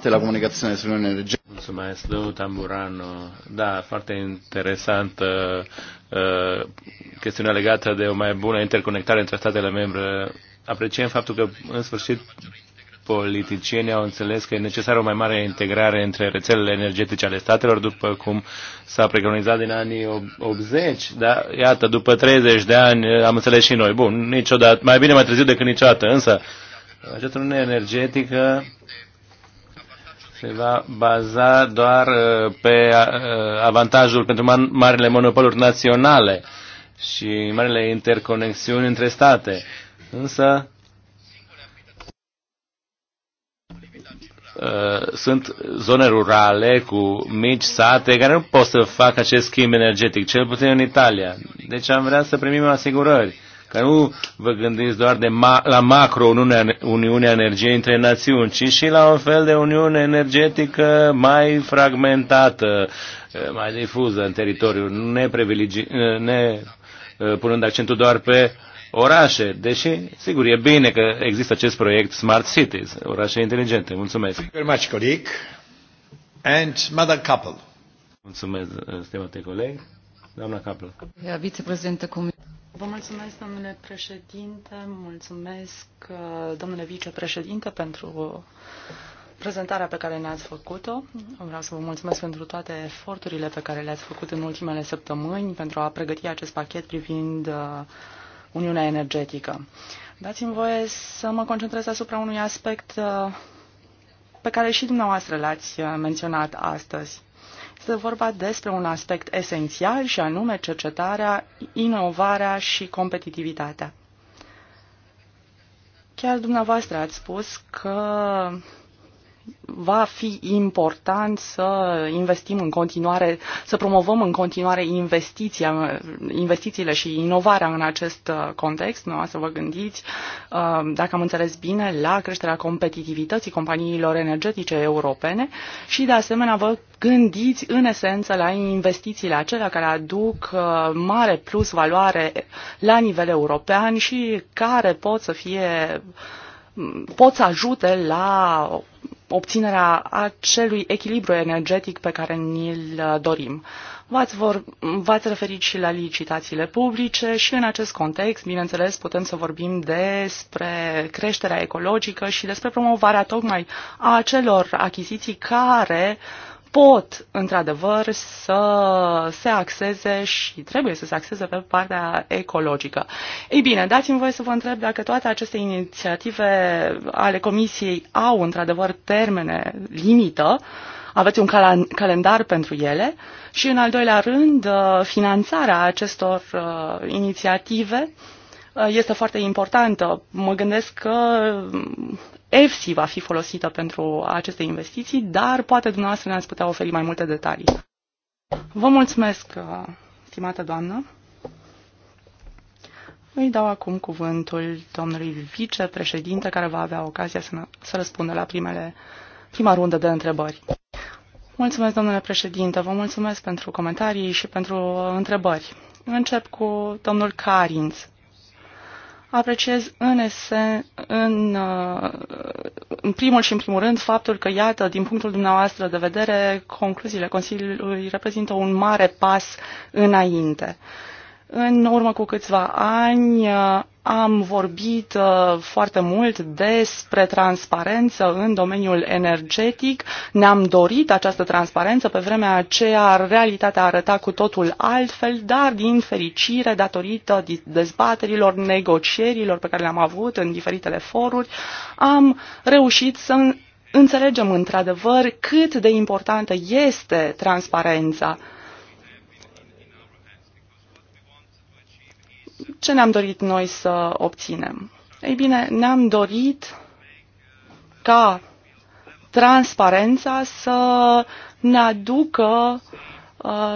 De la comunicațiune sunt energie. Mulțumesc, domnul Tamburano. Da, foarte interesantă uh, chestiunea legată de o mai bună interconectare între statele membre. Apreciem faptul că, în sfârșit, politicienii au înțeles că e necesară o mai mare integrare între rețelele energetice ale statelor, după cum s-a preconizat din anii 80, dar iată, după 30 de ani eh, am înțeles și noi. Bun, niciodată, mai bine mai târziu decât niciodată, însă această uniune energetică se va baza doar eh, pe eh, avantajul pentru marile monopoluri naționale și marile interconexiuni între state. Însă, Uh, sunt zone rurale cu mici sate care nu pot să facă acest schimb energetic, cel puțin în Italia. Deci am vrea să primim asigurări, că nu vă gândiți doar de ma- la macro Uniunea, Uniunea Energiei între națiuni, ci și la un fel de Uniune energetică mai fragmentată, uh, mai difuză în teritoriu, ne, uh, ne punând accentul doar pe uh, orașe, deși, sigur, e bine că există acest proiect Smart Cities, orașe inteligente. Mulțumesc. Thank you very much, colleague. And Madam Couple. Mulțumesc, stimate coleg. Doamna Kappel. Vicepreședinte Vă mulțumesc, domnule președinte, mulțumesc, uh, domnule vicepreședinte, pentru uh, prezentarea pe care ne-ați făcut-o. Vreau să vă mulțumesc pentru toate eforturile pe care le-ați făcut în ultimele săptămâni pentru a pregăti acest pachet privind uh, Uniunea Energetică. Dați-mi voie să mă concentrez asupra unui aspect uh, pe care și dumneavoastră l-ați uh, menționat astăzi. Este vorba despre un aspect esențial și anume cercetarea, inovarea și competitivitatea. Chiar dumneavoastră ați spus că va fi important să investim în continuare, să promovăm în continuare investiția, investițiile și inovarea în acest uh, context. Nu, să vă gândiți, uh, dacă am înțeles bine, la creșterea competitivității companiilor energetice europene și, de asemenea, vă gândiți în esență la investițiile acelea care aduc uh, mare plus valoare la nivel european și care pot să fie pot să ajute la obținerea acelui echilibru energetic pe care ni-l uh, dorim. V-ați, vor, v-ați referit și la licitațiile publice și în acest context, bineînțeles, putem să vorbim despre creșterea ecologică și despre promovarea tocmai a acelor achiziții care uh, pot, într-adevăr, să se axeze și trebuie să se axeze pe partea ecologică. Ei bine, dați-mi voie să vă întreb dacă toate aceste inițiative ale Comisiei au, într-adevăr, termene limită, aveți un cal- calendar pentru ele și, în al doilea rând, uh, finanțarea acestor uh, inițiative uh, este foarte importantă. Mă gândesc că EFSI va fi folosită pentru aceste investiții, dar poate dumneavoastră ne-ați putea oferi mai multe detalii. Vă mulțumesc, uh, stimată doamnă. Îi dau acum cuvântul domnului vicepreședinte, care va avea ocazia să, să răspundă la primele, prima rundă de întrebări. Mulțumesc, domnule președinte, vă mulțumesc pentru comentarii și pentru uh, întrebări. Încep cu domnul Carinț apreciez în, esen, în, uh, în primul și în primul rând faptul că, iată, din punctul dumneavoastră de vedere, concluziile Consiliului reprezintă un mare pas înainte. Uh, în urmă cu câțiva ani uh, am vorbit uh, foarte mult despre transparență în domeniul energetic. Ne-am dorit această transparență. Pe vremea aceea realitatea arăta cu totul altfel, dar din fericire, datorită dezbaterilor, negocierilor pe care le-am avut în diferitele foruri, am reușit să înțelegem într-adevăr cât de importantă este transparența. ce ne-am dorit noi să obținem? Ei bine, ne-am dorit ca transparența să ne aducă uh,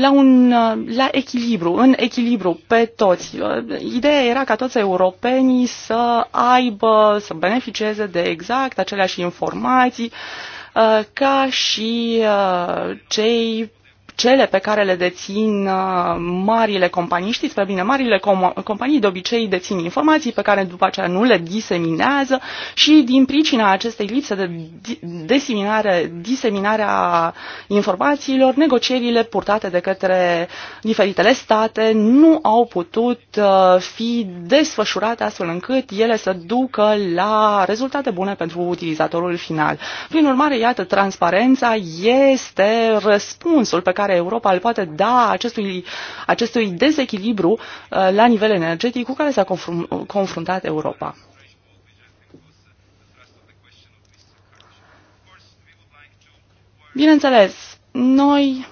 la, un, uh, la echilibru, în echilibru pe toți. Uh, ideea era ca toți europenii să aibă, să beneficieze de exact aceleași informații ca și cei cele pe care le dețin uh, marile companii. Știți pe bine, marile com- companii de obicei dețin informații pe care după aceea nu le diseminează și din pricina acestei lipse de diseminare, diseminarea informațiilor, negocierile purtate de către diferitele state nu au putut uh, fi desfășurate astfel încât ele să ducă la rezultate bune pentru utilizatorul final. Prin urmare, iată, transparența este răspunsul pe care care Europa îl poate da acestui, acestui dezechilibru uh, la nivel energetic cu care s-a confruntat Europa. Bineînțeles, noi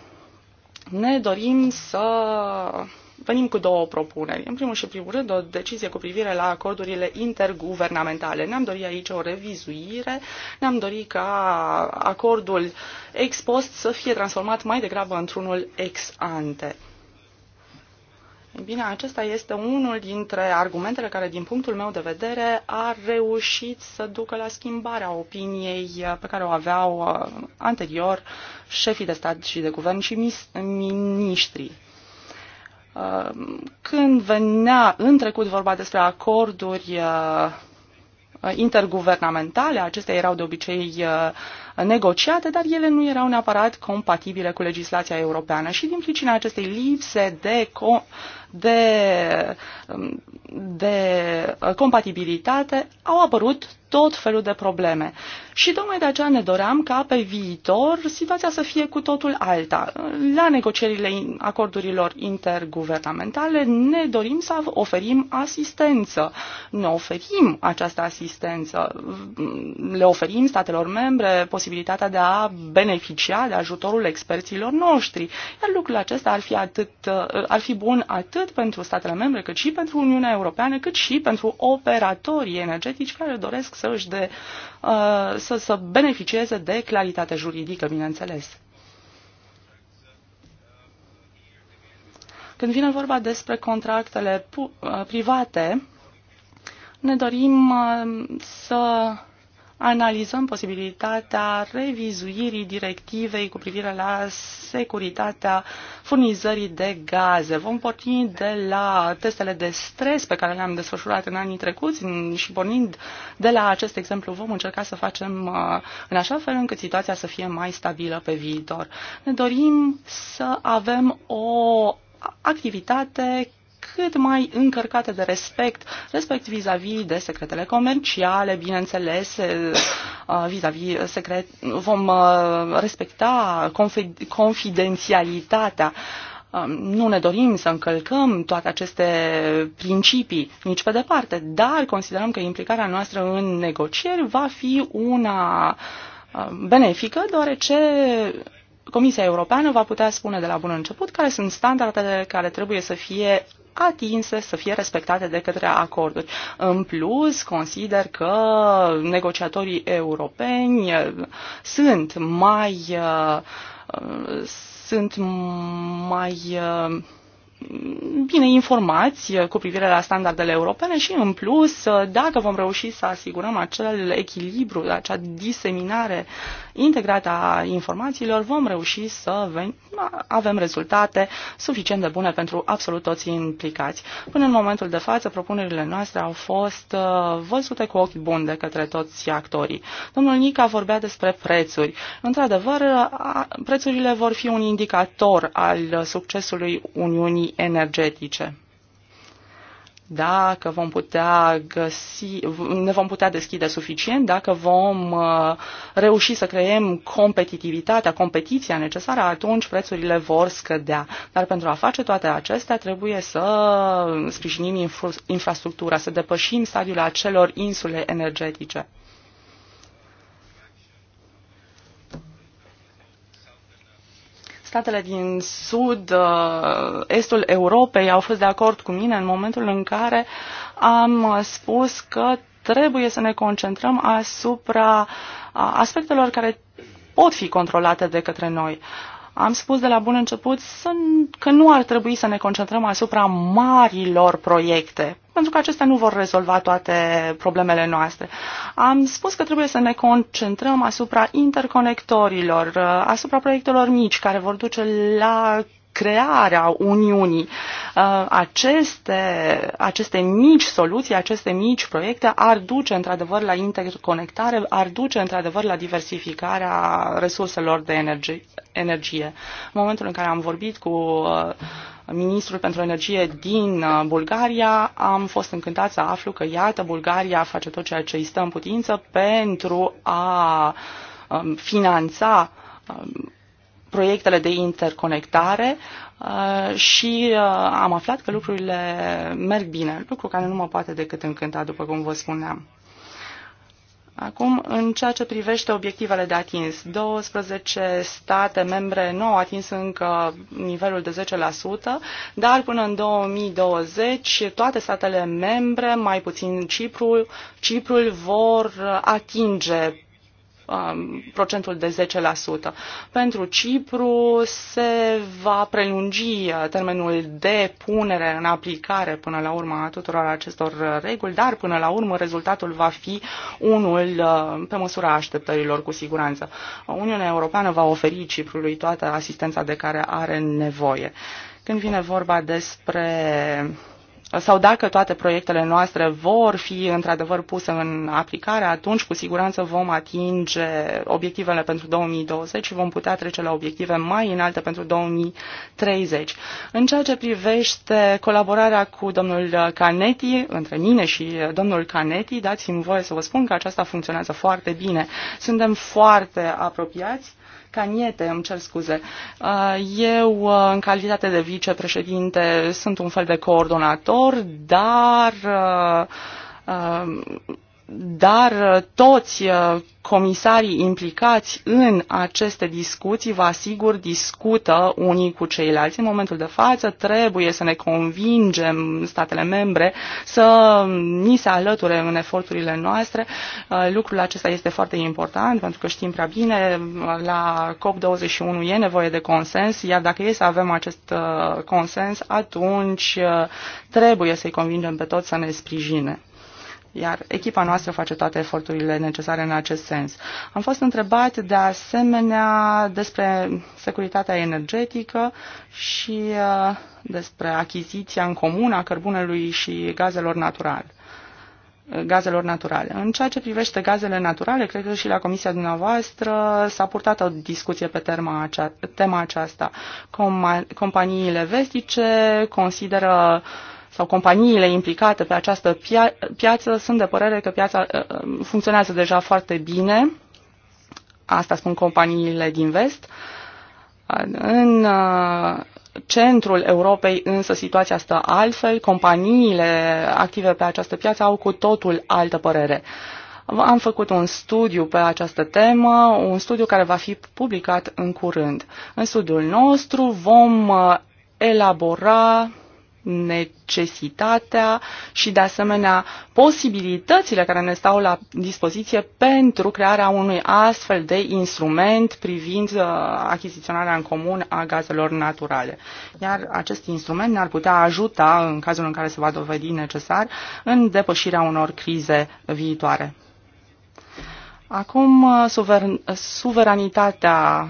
ne dorim să venim cu două propuneri. În primul și primul rând, o decizie cu privire la acordurile interguvernamentale. Ne-am dorit aici o revizuire, ne-am dorit ca acordul ex post să fie transformat mai degrabă într-unul ex ante. bine, acesta este unul dintre argumentele care, din punctul meu de vedere, a reușit să ducă la schimbarea opiniei pe care o aveau uh, anterior șefii de stat și de guvern și miniștrii. Uh, când venea în trecut vorba despre acorduri uh, interguvernamentale, acestea erau de obicei uh, negociate, dar ele nu erau neapărat compatibile cu legislația europeană și din pricina acestei lipse de, co- de, um, de uh, compatibilitate au apărut tot felul de probleme. Și tocmai de aceea ne doream ca pe viitor situația să fie cu totul alta. La negocierile acordurilor interguvernamentale ne dorim să oferim asistență. Ne oferim această asistență. Le oferim statelor membre posibilitatea posibilitatea de a beneficia de ajutorul experților noștri. Iar lucrul acesta ar fi, atât, uh, ar fi bun atât pentru statele membre, cât și pentru Uniunea Europeană, cât și pentru operatorii energetici care doresc să, își de, uh, să, să beneficieze de claritate juridică, bineînțeles. Când vine vorba despre contractele uh, private, ne dorim să analizăm posibilitatea revizuirii directivei cu privire la securitatea furnizării de gaze. Vom porni de la testele de stres pe care le-am desfășurat în anii trecuți și pornind de la acest exemplu vom încerca să facem uh, în așa fel încât situația să fie mai stabilă pe viitor. Ne dorim să avem o activitate cât mai încărcate de respect, respect vis-a-vis -vis de secretele comerciale, bineînțeles, eh, ah, vis-a-vis -vis secret, vom ah, respecta confidențialitatea. Ah, nu ne dorim să încălcăm toate aceste principii nici pe departe, dar considerăm că implicarea noastră în negocieri va fi una benefică, deoarece Comisia Europeană va putea spune de la bun început care sunt standardele care trebuie să fie atinse, să fie respectate de către acorduri. În plus, consider că negociatorii europeni eh, sunt mai eh, sunt mai eh, bine informați cu privire la standardele europene și, în plus, dacă vom reuși să asigurăm acel echilibru, acea diseminare integrată a informațiilor, vom reuși să avem rezultate suficient de bune pentru absolut toți implicați. Până în momentul de față, propunerile noastre au fost uh, văzute cu ochi buni de către toți actorii. Domnul Nica vorbea despre prețuri. Într-adevăr, prețurile vor fi un indicator al succesului Uniunii Uniunii Energetice. Dacă vom putea găsi, ne vom putea deschide suficient, dacă vom uh, reuși să creăm competitivitatea, competiția necesară, atunci prețurile vor scădea. Dar pentru a face toate acestea trebuie să sprijinim infrastructura, să depășim stadiul acelor insule energetice. Statele din sud, uh, estul Europei au fost de acord cu mine în momentul în care am spus că trebuie să ne concentrăm asupra uh, aspectelor care pot fi controlate de către noi. Am spus de la bun început că nu ar trebui să ne concentrăm asupra marilor proiecte, pentru că acestea nu vor rezolva toate problemele noastre. Am spus că trebuie să ne concentrăm asupra interconectorilor, uh, asupra proiectelor mici care vor duce la crearea Uniunii. Uh, aceste, aceste mici soluții, aceste mici proiecte ar duce într-adevăr la interconectare, ar duce într-adevăr la diversificarea resurselor de energie, energie. În momentul în care am vorbit cu uh, ministrul pentru energie din uh, Bulgaria, am fost încântat să aflu că, iată, Bulgaria face tot ceea ce îi stă în putință pentru a um, finanța um, proiectele de interconectare uh, și uh, am aflat că lucrurile merg bine, lucru care nu mă poate decât încânta, după cum vă spuneam. Acum, în ceea ce privește obiectivele de atins, 12 state membre nu au atins încă nivelul de 10%, dar până în 2020 toate statele membre, mai puțin Ciprul, Ciprul vor atinge um, procentul de 10%. Pentru Cipru se va prelungi uh, termenul de punere în aplicare până la urmă a tuturor acestor reguli, dar până la urmă rezultatul va fi unul uh, pe măsura așteptărilor cu siguranță. Uniunea Europeană va oferi Ciprului toată asistența de care are nevoie. Când vine vorba despre sau dacă toate proiectele noastre vor fi într-adevăr puse în aplicare, atunci cu siguranță vom atinge obiectivele pentru 2020 și vom putea trece la obiective mai înalte pentru 2030. În ceea ce privește colaborarea cu domnul Canetti, între mine și domnul Canetti, dați-mi voie să vă spun că aceasta funcționează foarte bine. Suntem foarte apropiați Caniete, îmi cer scuze. Uh, eu, uh, în calitate de vicepreședinte, sunt un fel de coordonator, dar uh, dar uh, toți uh, comisarii implicați în aceste discuții, vă asigur, discută unii cu ceilalți. În momentul de față trebuie să ne convingem statele membre să ni se alăture în eforturile noastre. Uh, lucrul acesta este foarte important pentru că știm prea bine, la COP21 e nevoie de consens, iar dacă e să avem acest consens, atunci trebuie să-i convingem pe toți să ne sprijine iar echipa noastră face toate eforturile necesare în acest sens. Am fost întrebat de asemenea despre securitatea energetică și uh, despre achiziția în comun a cărbunelui și gazelor naturale gazelor naturale. În ceea ce privește gazele naturale, cred că și la comisia dumneavoastră s-a purtat o discuție pe tema, acea, tema aceasta. Com- companiile vestice consideră uh, sau companiile implicate pe această pia- piață sunt de părere că piața uh, uh, funcționează deja foarte bine. Asta spun companiile din vest. În uh, centrul Europei însă situația stă altfel, companiile active pe această piață au cu totul altă părere. Am făcut un studiu pe această temă, un studiu care va fi publicat în curând. În studiul nostru vom elabora necesitatea și, de asemenea, posibilitățile care ne stau la dispoziție pentru crearea unui astfel de instrument privind uh, achiziționarea în comun a gazelor naturale. Iar acest instrument ne-ar putea ajuta, în cazul în care se va dovedi necesar, în depășirea unor crize viitoare. Acum, uh, suveranitatea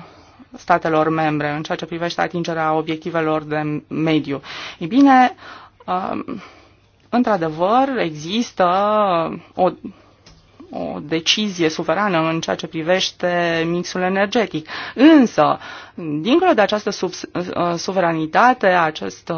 statelor membre în ceea ce privește atingerea obiectivelor de mediu. Ei bine, um, într-adevăr, există o o decizie suverană în ceea ce privește mixul energetic. Însă, dincolo de această sub, uh, suveranitate, această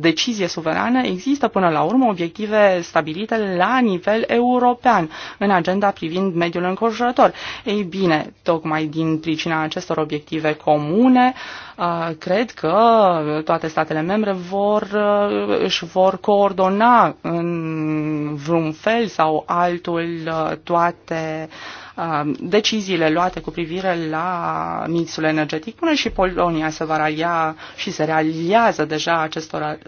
decizie suverană, există până la urmă obiective stabilite la nivel european în agenda privind mediul înconjurător. Ei bine, tocmai din pricina acestor obiective comune, uh, cred că toate statele membre vor, uh, își vor coordona în vreun fel sau altul toate uh, Uh, deciziile luate cu privire la mixul energetic. Până și Polonia se va ralia și se realiază deja acestor,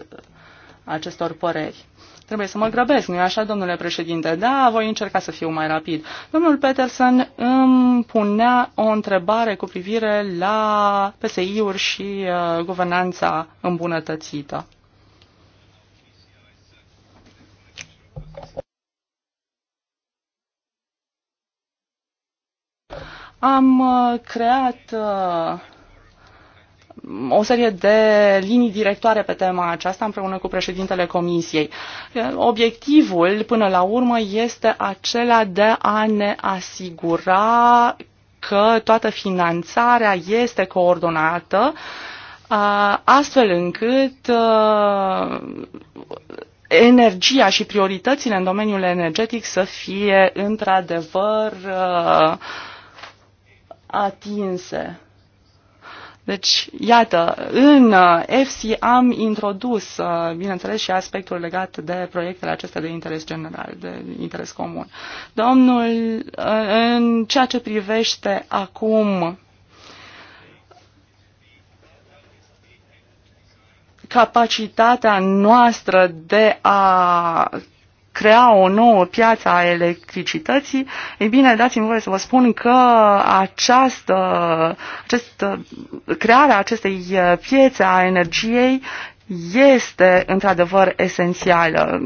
acestor păreri. Trebuie să mă grăbesc, nu-i așa, domnule președinte? Da, voi încerca să fiu mai rapid. Domnul Peterson îmi punea o întrebare cu privire la PSI-uri și uh, guvernanța îmbunătățită. am uh, creat uh, o serie de linii directoare pe tema aceasta împreună cu președintele Comisiei. Uh, obiectivul, până la urmă, este acela de a ne asigura că toată finanțarea este coordonată astfel încât energia și prioritățile în domeniul energetic să fie într-adevăr uh, atinse. Deci, iată, în EFSI uh, am introdus, uh, bineînțeles, și aspectul legat de proiectele acestea de interes general, de interes comun. Domnul, uh, în ceea ce privește acum capacitatea noastră de a crea o nouă piață a electricității, ei bine, dați-mi voie să vă spun că această, această, crearea acestei piețe a energiei este într-adevăr esențială.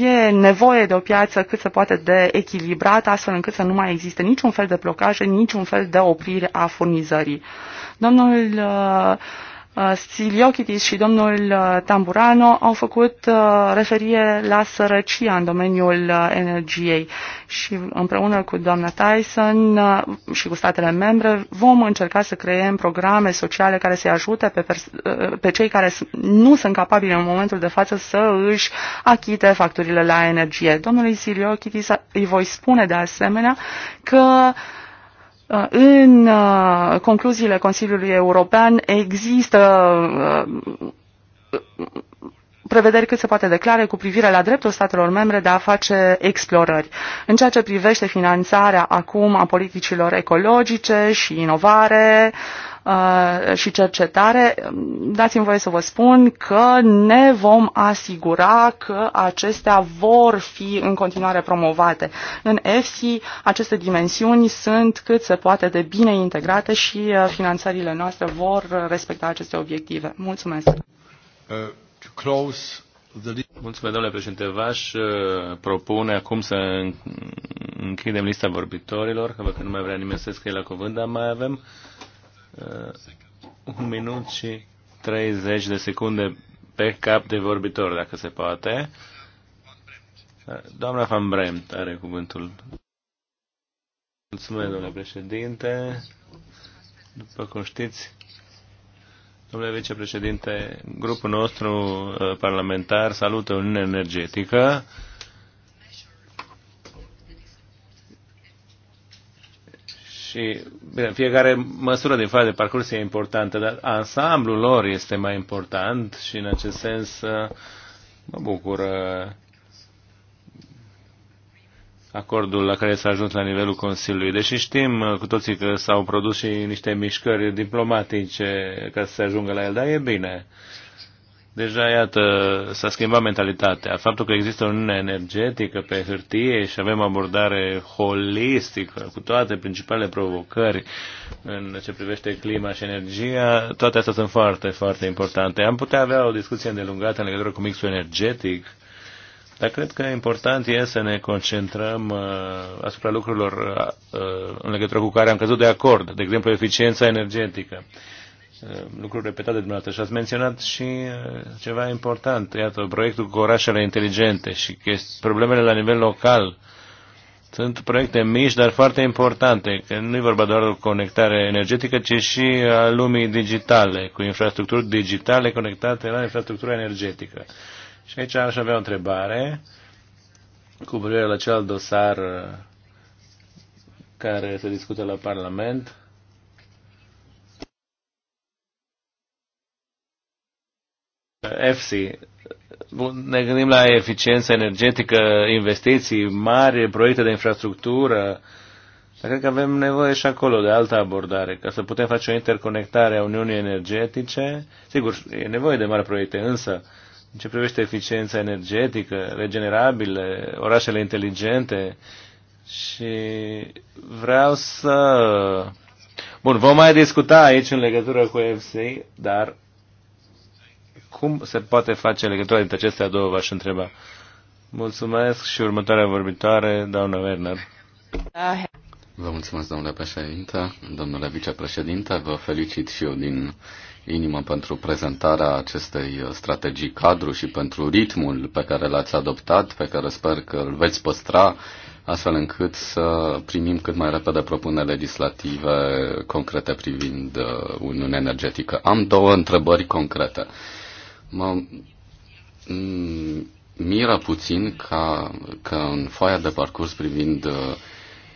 E nevoie de o piață cât se poate de echilibrată, astfel încât să nu mai existe niciun fel de blocaje, niciun fel de oprire a furnizării. Domnul uh, Uh, Siliochitis și domnul uh, Tamburano au făcut uh, referire la sărăcia în domeniul energiei și împreună cu doamna Tyson și cu statele membre vom încerca să creăm programe sociale care să-i ajute pe, pe cei care nu sunt capabili în momentul de față să își achite facturile la energie. Domnului Siliochitis îi voi spune de asemenea că uh, Uh, în uh, concluziile Consiliului European există uh, prevederi cât se poate declare cu privire la dreptul statelor membre de a face explorări. În ceea ce privește finanțarea acum a politicilor ecologice și inovare, uh, Uh, și cercetare, dați-mi voie să vă spun că ne vom asigura că acestea vor fi în continuare promovate. În EFSI aceste dimensiuni sunt cât se poate de bine integrate și uh, finanțările noastre vor respecta aceste obiective. Mulțumesc! Uh, Mulțumesc, domnule președinte. V-aș propune acum să închidem lista vorbitorilor, că văd că nu mai vrea nimeni să scrie la cuvânt, dar mai avem uh, un minut și 30 de secunde pe cap de vorbitor, dacă se poate. Eh, doamna Van Bremt are cuvântul. Mulțumesc, domnule președinte. După cum știți, domnule vicepreședinte, grupul nostru eh, parlamentar salută Uniunea Energetică. Uh, Și bine, fiecare măsură din faza de parcurs e importantă, dar ansamblul lor este mai important și în acest sens uh, mă bucură uh, acordul la care s-a ajuns la nivelul Consiliului. Deși știm uh, cu toții că s-au produs și niște mișcări diplomatice ca să se ajungă la el, dar e bine. Uh, Deja, iată, s-a schimbat mentalitatea. Faptul că există o uniune energetică pe hârtie și avem abordare holistică cu toate principalele provocări în ce privește clima și energia, toate astea sunt foarte, foarte importante. Am putea avea o discuție îndelungată în legătură cu mixul energetic, dar cred că important e să ne concentrăm uh, asupra lucrurilor uh, în legătură cu care am căzut de acord, de exemplu eficiența energetică. Uh, Uh, lucruri repetate dumneavoastră și ați menționat și uh, ceva important, iată, proiectul cu orașele inteligente și problemele la nivel local. Sunt proiecte mici, dar foarte importante, că nu e vorba doar de o conectare energetică, ci și a lumii digitale, cu infrastructuri digitale conectate la infrastructura energetică. Și aici aș avea o întrebare cu privire la cel dosar uh, care se discută la Parlament EFSI. Ne gândim la eficiență energetică, investiții mari, proiecte de infrastructură, dar cred că avem nevoie și acolo de altă abordare, ca să putem face o interconectare a Uniunii Energetice. Sigur, e nevoie de mari proiecte, însă, în ce privește eficiența energetică, regenerabile, orașele inteligente, și vreau să... Bun, vom mai discuta aici în legătură cu EFSI, dar cum se poate face legătura dintre acestea două, v-aș întreba. Mulțumesc și următoarea vorbitoare, doamna Werner. Vă mulțumesc, domnule președinte, domnule vicepreședinte, vă felicit și eu din inimă pentru prezentarea acestei strategii cadru și pentru ritmul pe care l-ați adoptat, pe care sper că îl veți păstra, astfel încât să primim cât mai repede propuneri legislative concrete privind uh, Uniunea Energetică. Am două întrebări concrete. Mă miră puțin ca, că în foaia de parcurs privind,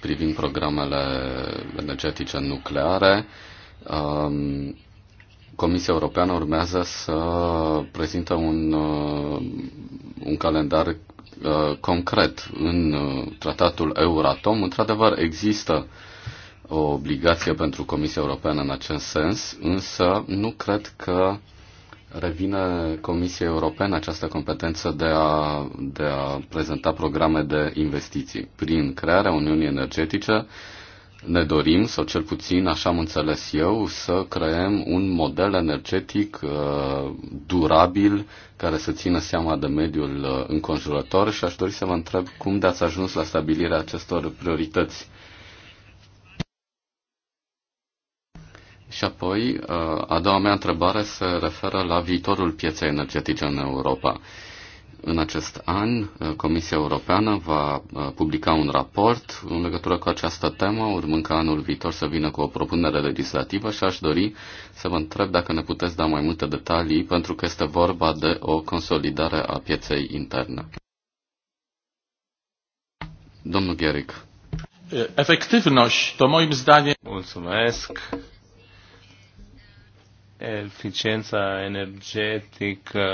privind programele energetice nucleare, um, Comisia Europeană urmează să prezintă un, uh, un calendar uh, concret în uh, tratatul Euratom. Într-adevăr, există o obligație pentru Comisia Europeană în acest sens, însă nu cred că revine Comisiei Europene această competență de a, de a prezenta programe de investiții. Prin crearea Uniunii Energetice ne dorim, sau cel puțin așa am înțeles eu, să creăm un model energetic uh, durabil care să țină seama de mediul uh, înconjurător și aș dori să vă întreb cum de ați ajuns la stabilirea acestor priorități Și apoi, uh, a doua mea întrebare se referă la viitorul pieței energetice în Europa. În acest an, uh, Comisia Europeană va uh, publica un raport în legătură cu această temă, urmând ca anul viitor să vină cu o propunere legislativă și aș dori să vă întreb dacă ne puteți da mai multe detalii, pentru că este vorba de o consolidare a pieței interne. Domnul Gheric. Efektywność to moim zdaniem... Mulțumesc eficiența energetică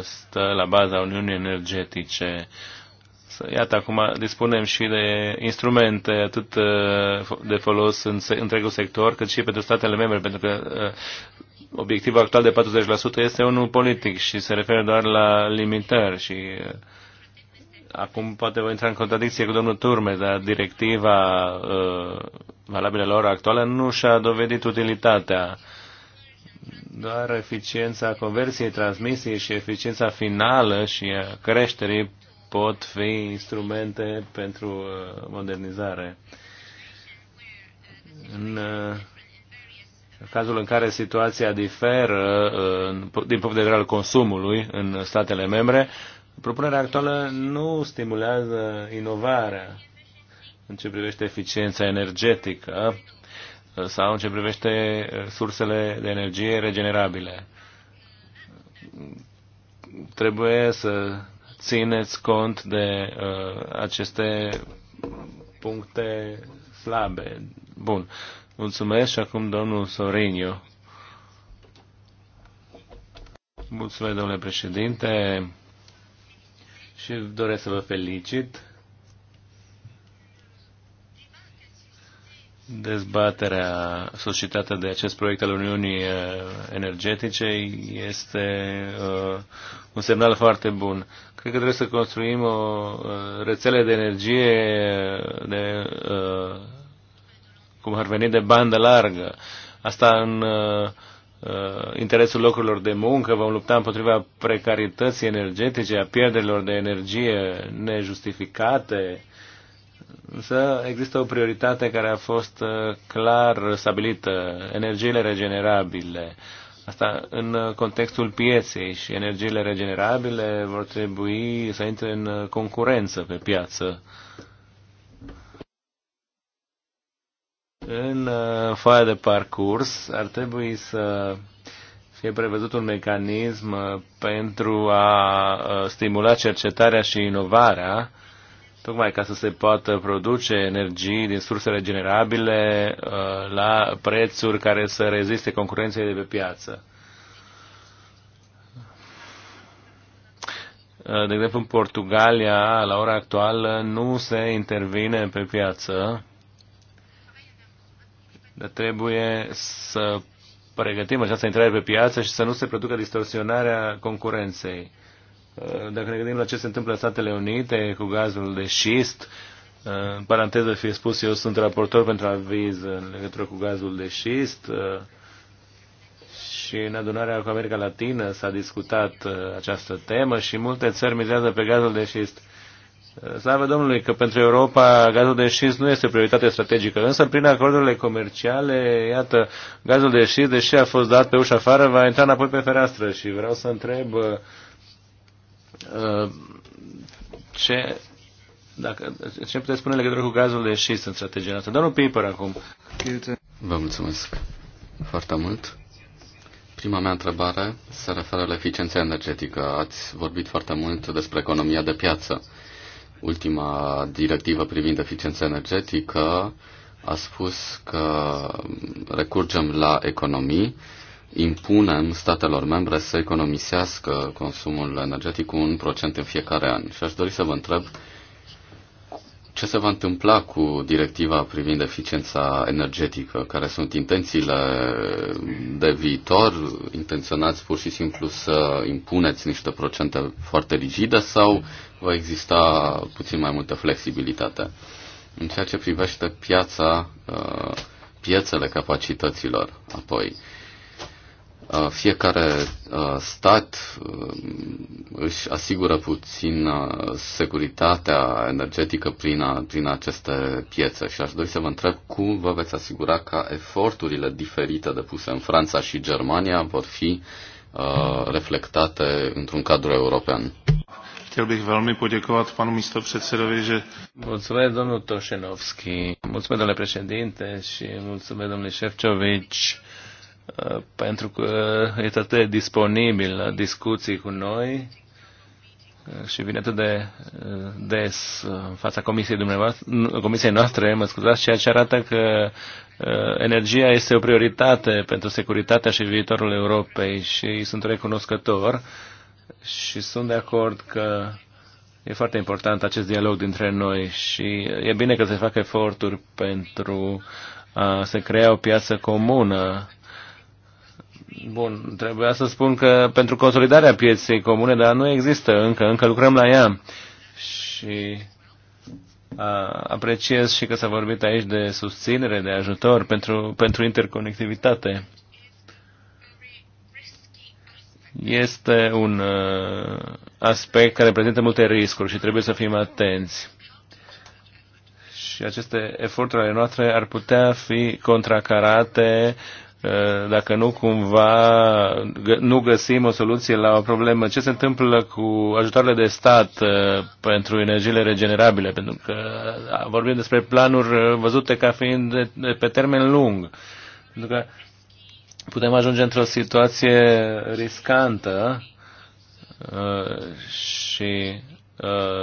stă la baza Uniunii Energetice. Iată, acum dispunem și de instrumente atât uh, de folos în întregul sector, cât și pentru statele membre, pentru că uh, obiectivul actual de 40% este unul politic și se referă doar la limitări și uh, acum poate voi intra în contradicție cu domnul Turme, dar directiva uh, valabilă la ora actuală nu și-a dovedit utilitatea doar eficiența conversiei, transmisiei și eficiența finală și a creșterii pot fi instrumente pentru uh, modernizare. În uh, cazul în care situația diferă uh, din punct de vedere al consumului în statele membre, propunerea actuală nu stimulează inovarea în ce privește eficiența energetică sau în ce privește uh, sursele de energie regenerabile. Trebuie să țineți cont de uh, aceste puncte slabe. Bun. Mulțumesc și acum domnul Soriniu. Mulțumesc, domnule președinte, și doresc să vă felicit dezbaterea suscitată de acest proiect al Uniunii uh, Energetice este uh, un semnal foarte bun. Cred că trebuie să construim o uh, rețele de energie de, cum ar veni de bandă largă. Asta în interesul locurilor de muncă, vom lupta împotriva precarității energetice, a pierderilor de energie nejustificate, Însă există o prioritate care a fost uh, clar stabilită, energiile regenerabile. Asta în contextul pieței și energiile regenerabile vor trebui să intre în concurență pe piață. În uh, foaia de parcurs ar trebui să fie prevăzut un mecanism uh, pentru a stimula cercetarea și inovarea tocmai ca să se poată produce energii din surse regenerabile uh, la prețuri care să reziste concurenței de pe piață. Uh, de exemplu, în Portugalia, la ora actuală, nu se intervine pe piață, dar trebuie să pregătim această intrare pe piață și să nu se producă distorsionarea concurenței. Uh, dacă ne gândim la ce se întâmplă în Statele Unite cu gazul de șist, uh, în paranteză fie spus, eu sunt raportor pentru aviz în legătură cu gazul de șist uh, și în adunarea cu America Latină s-a discutat această temă și multe țări mizează pe gazul de șist. Slavă Domnului că pentru Europa gazul de șist nu este o prioritate strategică, însă prin acordurile comerciale, iată, gazul de șist, deși a fost dat pe ușa afară, va intra înapoi pe fereastră și vreau să întreb Uh, ce, dacă, ce puteți spune legătură cu gazul de șist în strategia noastră? Domnul Piper acum. Vă mulțumesc foarte mult. Prima mea întrebare se referă la eficiența energetică. Ați vorbit foarte mult despre economia de piață. Ultima directivă privind eficiența energetică a spus că recurgem la economii impunem statelor membre să economisească consumul energetic cu un procent în fiecare an. Și aș dori să vă întreb ce se va întâmpla cu directiva privind eficiența energetică? Care sunt intențiile de viitor? Intenționați pur și simplu să impuneți niște procente foarte rigide sau va exista puțin mai multă flexibilitate? În ceea ce privește piața, uh, piețele capacităților, apoi Uh, fiecare uh, stat uh, își asigură puțin securitatea energetică prin, prin aceste piețe și aș dori să vă întreb cum vă veți asigura că eforturile diferite depuse în Franța și Germania vor fi reflectate într-un cadru european. Chtěl bych velmi poděkovat panu že... Mulțumesc, domnul Toșenovski. Mulțumesc, domnule președinte, și mulțumesc, domnule Șefcovici Uh, pentru că uh, este atât de disponibil la discuții cu noi uh, și vine atât de des în fața comisiei, dumneavoastră, comisiei noastre, mă scuzați, ceea ce arată că energia este o prioritate pentru securitatea și viitorul Europei și sunt recunoscător și sunt de acord că e foarte important acest dialog dintre noi și e bine că se fac eforturi pentru a se crea o piață comună Bun, trebuia să spun că pentru consolidarea pieței comune, dar nu există încă, încă lucrăm la ea. Și a, apreciez și că s-a vorbit aici de susținere, de ajutor pentru, pentru interconectivitate. Este un uh, aspect care prezintă multe riscuri și trebuie să fim atenți. Și aceste eforturi ale noastre ar putea fi contracarate Eh, dacă nu cumva nu găsim o soluție la o problemă. Ce se întâmplă cu ajutoarele de stat eh, pentru energiile regenerabile? Pentru că eh, vorbim despre planuri văzute ca fiind de, de pe termen lung. Pentru că putem ajunge într-o situație riscantă și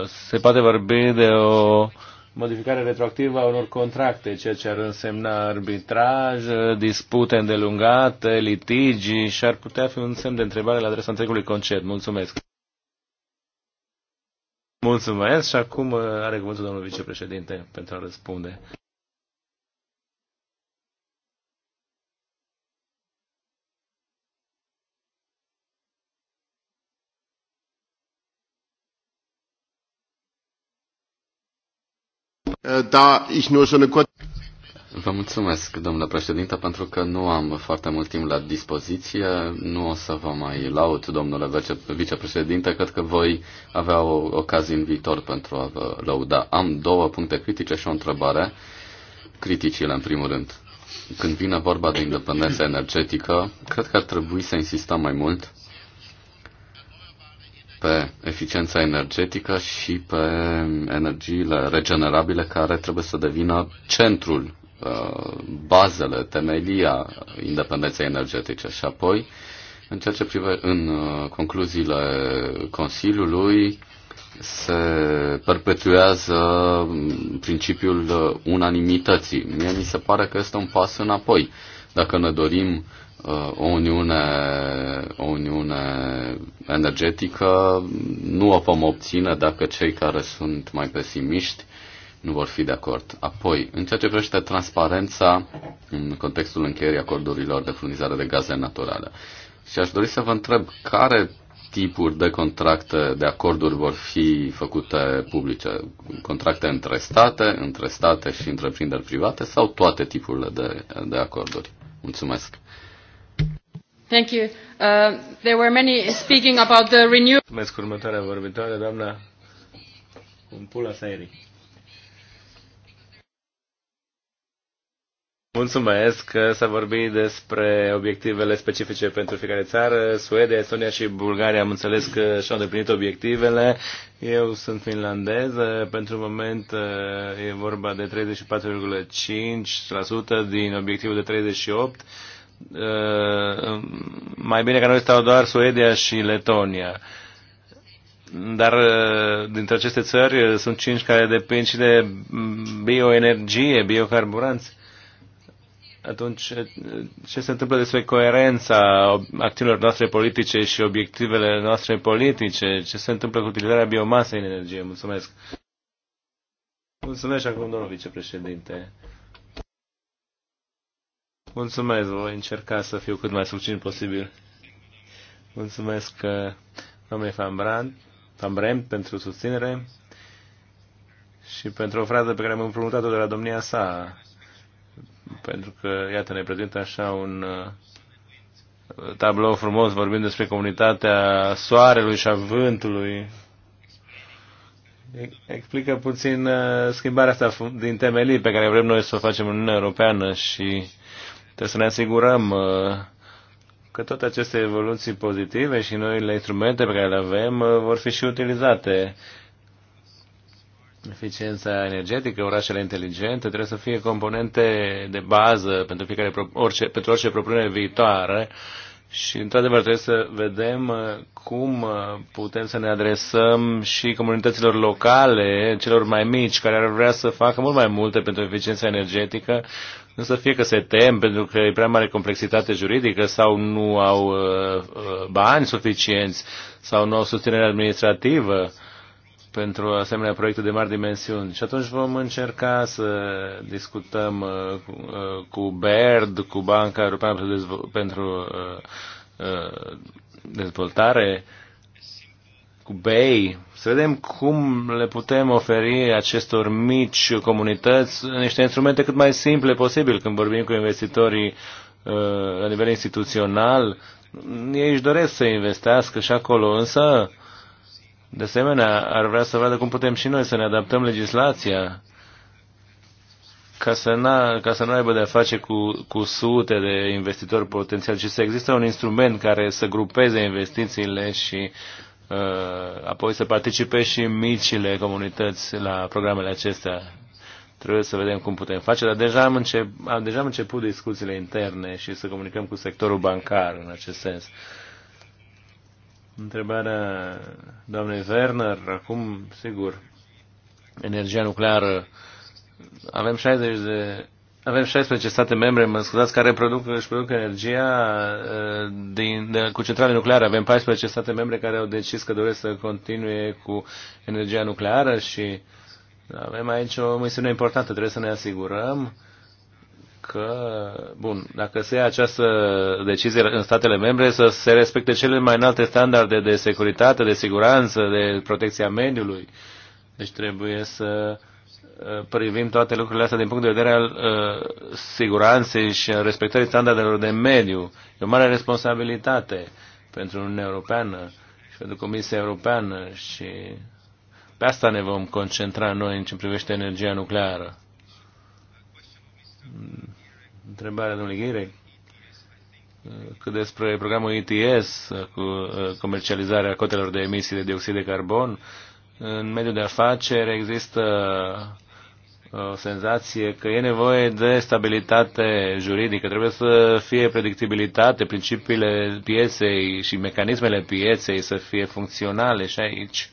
se poate vorbi de o modificare retroactivă a unor contracte, ceea ce ar însemna arbitraj, dispute îndelungate, litigi și ar putea fi un semn de întrebare la adresa întregului concert. Mulțumesc! Mulțumesc și acum are cuvântul domnul vicepreședinte pentru a răspunde. Eh, da ich nur so eine kurze... Vă mulțumesc, domnule președinte, pentru că nu am foarte mult timp la dispoziție. Nu o să vă mai laud, domnule vice, vicepreședinte. Cred că voi avea o ocazie în viitor pentru a vă lauda. Am două puncte critice și o întrebare. Criticile, în primul rând. Când vine vorba de independență energetică, cred că ar trebui să insistăm mai mult pe eficiența energetică și pe energiile regenerabile care trebuie să devină centrul, uh, bazele, temelia independenței energetice. Și apoi, în ceea ce prive în uh, concluziile Consiliului, se perpetuează um, principiul uh, unanimității. Mie mi se pare că este un pas înapoi. Dacă ne dorim Uh, o uniune, o uniune energetică nu o vom obține dacă cei care sunt mai pesimiști nu vor fi de acord. Apoi, în ceea ce privește transparența în contextul încheierii acordurilor de furnizare de gaze naturale. Și aș dori să vă întreb care tipuri de contracte, de acorduri vor fi făcute publice? Contracte între state, între state și întreprinderi private sau toate tipurile de, de acorduri? Mulțumesc! Thank you. Uh, there were many speaking about the renew. Mulțumesc următoarea vorbitoare, doamna Umpula Sairi. Mulțumesc că s-a vorbit despre obiectivele specifice pentru fiecare țară. Suedia, Estonia și Bulgaria am înțeles că și-au îndeplinit obiectivele. Eu sunt finlandez. Pentru moment uh, e vorba de 34,5% din obiectivul de 38% Uh, mai bine ca noi stau doar Suedia și Letonia. Dar uh, dintre aceste țări uh, sunt cinci care depind și de mm, bioenergie, biocarburanți. Atunci, ce se întâmplă despre coerența acțiunilor noastre politice și obiectivele noastre politice? Ce se întâmplă cu utilizarea biomasei în energie? Mulțumesc! Mulțumesc acum, domnul vicepreședinte. Mulțumesc, voi încerca să fiu cât mai succint posibil. Mulțumesc uh, doamnei Fambrand, Brand, pentru susținere și pentru o frază pe care am împrumutat-o de la domnia sa, pentru că, iată, ne prezintă așa un uh, tablou frumos vorbind despre comunitatea soarelui și a vântului. Explică puțin uh, schimbarea asta din temelii pe care vrem noi să o facem în Uniunea Europeană și Trebuie să ne asigurăm uh, că toate aceste evoluții pozitive și noile instrumente pe care le avem uh, vor fi și utilizate. Eficiența energetică, orașele inteligente trebuie să fie componente de bază pentru, fiecare, orice, pentru orice propunere viitoare și, într-adevăr, trebuie să vedem uh, cum putem să ne adresăm și comunităților locale, celor mai mici, care ar vrea să facă mult mai multe pentru eficiența energetică, Însă fie că se tem pentru că e prea mare complexitate juridică sau nu au uh, uh, bani suficienți sau nu au susținere administrativă pentru asemenea proiecte de mari dimensiuni. Și atunci vom încerca să discutăm uh, cu uh, BERD, cu Banca Europeană pentru, Dezvo- pentru uh, uh Dezvoltare, uh, cu bei, să vedem cum le putem oferi acestor mici comunități niște instrumente cât mai simple posibil când vorbim cu investitorii uh, la nivel instituțional. Ei își doresc să investească și acolo, însă, de asemenea, ar vrea să vadă cum putem și noi să ne adaptăm legislația ca să, n ca să nu aibă de-a face cu, cu sute de investitori potențiali, ci să există un instrument care să grupeze investițiile și Uh, apoi să participe și micile comunități la programele acestea. Trebuie să vedem cum putem face, dar deja am, încep, am, deja am început discuțiile interne și să comunicăm cu sectorul bancar în acest sens. Întrebarea doamnei Werner, acum, sigur, energia nucleară. Avem 60 de avem 16 state membre, mă scuzați, care produc, își produc energia uh, din, de, cu centrale nucleare. Avem 14 state membre care au decis că doresc să continue cu energia nucleară și avem aici o misiune importantă. Trebuie să ne asigurăm că, bun, dacă se ia această decizie în statele membre, să se respecte cele mai înalte standarde de securitate, de siguranță, de protecția mediului. Deci trebuie să uh, privim toate lucrurile astea din punct de vedere al uh, siguranței și al respectării standardelor de mediu. E o mare responsabilitate pentru Uniunea Europeană și pentru Comisia Europeană și pe asta ne vom concentra noi în ce privește energia nucleară. Întrebarea domnului Ghire, cât despre programul ETS cu uh, comercializarea cotelor de emisii de dioxid de carbon. În mediul de afaceri există senzație că e nevoie de stabilitate juridică, trebuie să fie predictibilitate, principiile pieței și mecanismele pieței să fie funcționale și aici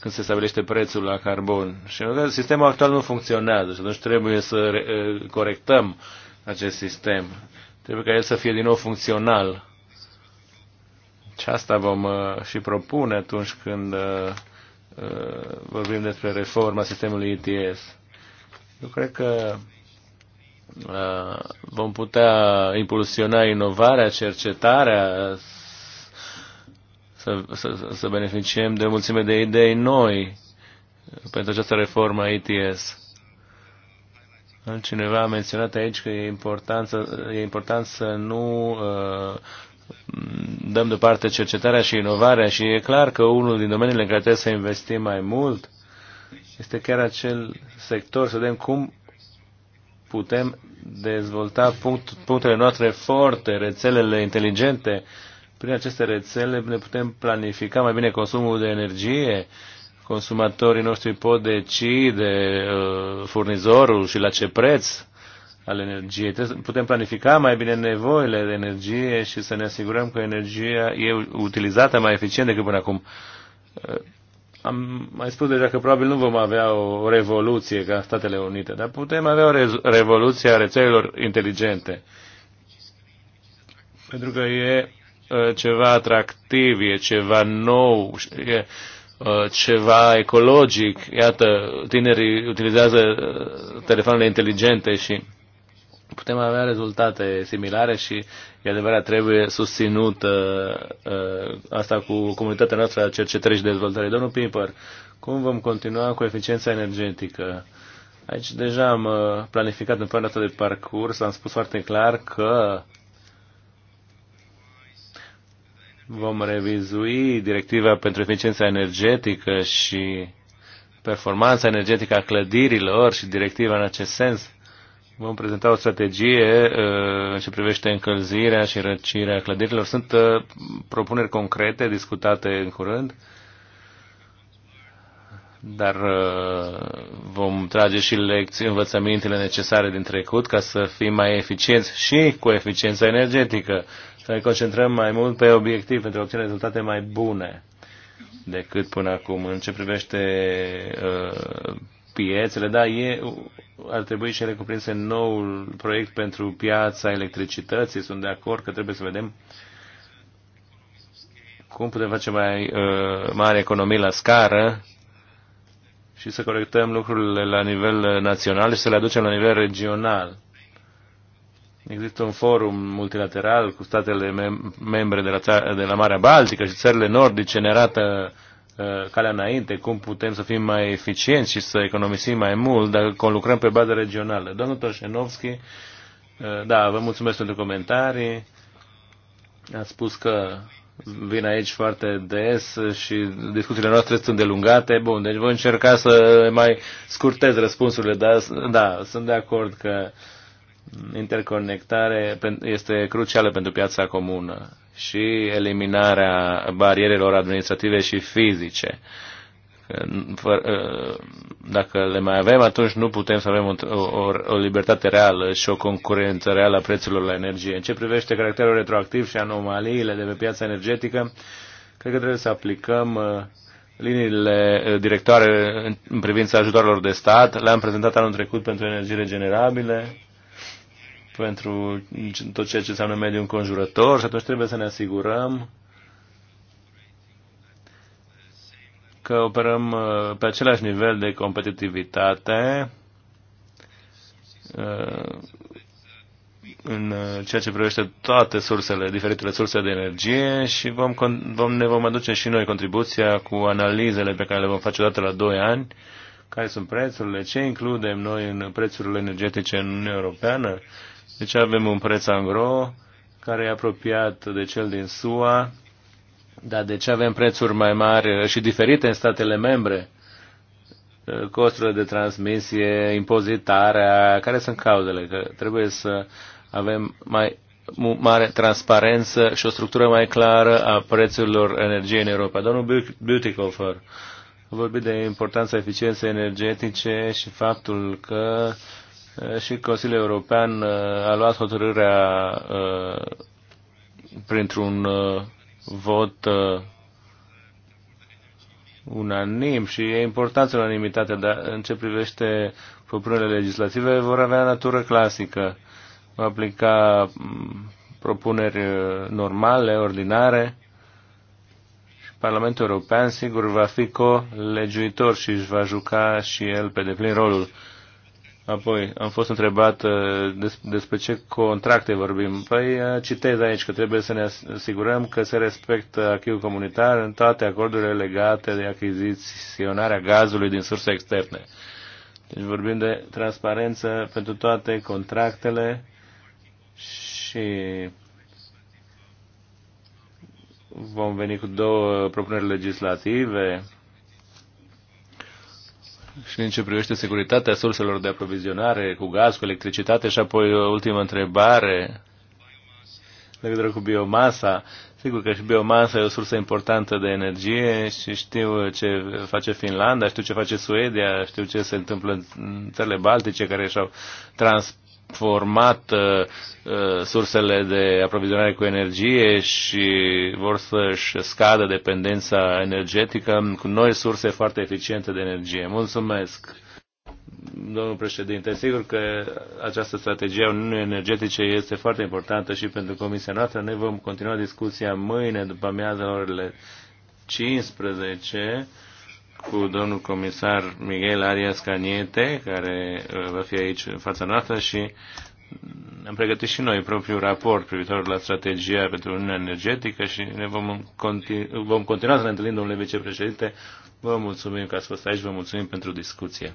când se stabilește prețul la carbon. Și sistemul actual nu funcționează și atunci trebuie să corectăm acest sistem. Trebuie ca el să fie din nou funcțional. Și asta vom și propune atunci când vorbim despre reforma sistemului ETS. Eu cred că uh, vom putea impulsiona inovarea, cercetarea, să, să, să beneficiem de o mulțime de idei noi pentru această reformă ITS. Cineva a menționat aici că e important să, e important să nu uh, dăm deoparte cercetarea și inovarea și e clar că unul din domeniile în care trebuie să investim mai mult uh, este chiar acel sector, să vedem cum putem dezvolta punct, punctele noastre forte, rețelele inteligente. Prin aceste rețele ne putem planifica mai bine consumul de energie, consumatorii noștri pot decide uh, furnizorul și la ce preț al energiei. Putem planifica mai bine nevoile de energie și să ne asigurăm că energia e utilizată mai eficient decât până acum. Uh, am mai spus deja că probabil nu vom avea o revoluție ca Statele Unite, dar putem avea o revoluție a rețelelor inteligente. Pentru că e uh, ceva atractiv, e ceva nou, e uh, ceva ecologic. Iată, tinerii utilizează uh, telefoanele inteligente și putem avea rezultate similare și, e adevărat, trebuie susținut uh, uh, asta cu comunitatea noastră a cercetării și dezvoltării. Domnul Piper, cum vom continua cu eficiența energetică? Aici deja am uh, planificat în planul de parcurs, am spus foarte clar că vom revizui directiva pentru eficiența energetică și performanța energetică a clădirilor și directiva în acest sens vom prezenta o strategie uh, în ce privește încălzirea și răcirea clădirilor. Sunt uh, propuneri concrete discutate în curând, dar uh, vom trage și lecții, învățămintele necesare din trecut ca să fim mai eficienți și cu eficiența energetică, să ne concentrăm mai mult pe obiectiv pentru a obține rezultate mai bune decât până acum. În ce privește uh, piețele, da, e, ar trebui și ele cuprinse în noul proiect pentru piața electricității. Sunt de acord că trebuie să vedem cum putem face mai uh, mari economii la scară și să corectăm lucrurile la nivel național și să le aducem la nivel regional. Există un forum multilateral cu statele mem membre de la, de la Marea Baltică și țările nordice ne arată Uh, calea înainte, cum putem să fim mai eficienți și să economisim mai mult dacă conlucrăm pe bază regională. Domnul Toșenovski, uh, da, vă mulțumesc pentru comentarii. Ați spus că vin aici foarte des și discuțiile noastre sunt delungate. Bun, deci voi încerca să mai scurtez răspunsurile, dar da, sunt de acord că interconectare este crucială pentru piața comună și eliminarea barierelor administrative și fizice. Ă, dacă le mai avem, atunci nu putem să avem o, o, o libertate reală și o concurență reală a prețurilor la energie. În ce privește caracterul retroactiv și anomaliile de pe piața energetică, cred că trebuie să aplicăm ă, liniile ă, directoare în privința ajutoarelor de stat. Le-am prezentat anul trecut pentru energie regenerabile pentru tot ceea ce înseamnă mediul înconjurător și atunci trebuie să ne asigurăm că operăm uh, pe același nivel de competitivitate uh, în uh, ceea ce privește toate sursele, diferitele surse de energie și vom, vom, ne vom aduce și noi contribuția cu analizele pe care le vom face odată la 2 ani, care sunt prețurile, ce includem noi în prețurile energetice în Uniunea Europeană, deci avem un preț angro care e apropiat de cel din SUA, dar de ce avem prețuri mai mari și diferite în statele membre? Costurile de transmisie, impozitarea, care sunt cauzele? Că trebuie să avem mai mare transparență și o structură mai clară a prețurilor energiei în Europa. Domnul Beautycofer a vorbit de importanța eficienței energetice și faptul că uh, Eh, și Consiliul European eh, a luat hotărârea eh, printr-un vot unanim și e importantă unanimitatea, dar în ce privește propunerile legislative vor avea natură clasică. Va aplica mm, propuneri normale, ordinare și Parlamentul European sigur va fi co-legiuitor și își va juca și el pe deplin rolul. Apoi am fost întrebat uh, despre ce contracte vorbim. Păi uh, citez aici că trebuie să ne asigurăm că se respectă acquis comunitar în toate acordurile legate de achiziționarea gazului din surse externe. Deci vorbim de transparență pentru toate contractele și vom veni cu două propuneri legislative și în ce privește securitatea surselor de aprovizionare cu gaz, cu electricitate și apoi o uh, ultimă întrebare legătură cu biomasa. Sigur că și biomasa e o sursă importantă de energie și știu ce face Finlanda, știu ce face Suedia, știu ce se întâmplă în țările baltice care și-au trans format uh, uh, sursele de aprovizionare cu energie și vor să-și scadă dependența energetică cu noi surse foarte eficiente de energie. Mulțumesc! Domnul președinte, sigur că această strategie a Uniunii Energetice este foarte importantă și pentru Comisia noastră. Noi vom continua discuția mâine după amiază la orele 15 cu domnul comisar Miguel Arias Caniete, care uh, va fi aici în fața noastră și am pregătit și noi propriul raport privitor la strategia pentru Uniunea Energetică și ne vom, continu- vom continua să ne întâlnim, domnule vicepreședinte. Vă mulțumim că ați fost aici, vă mulțumim pentru discuție.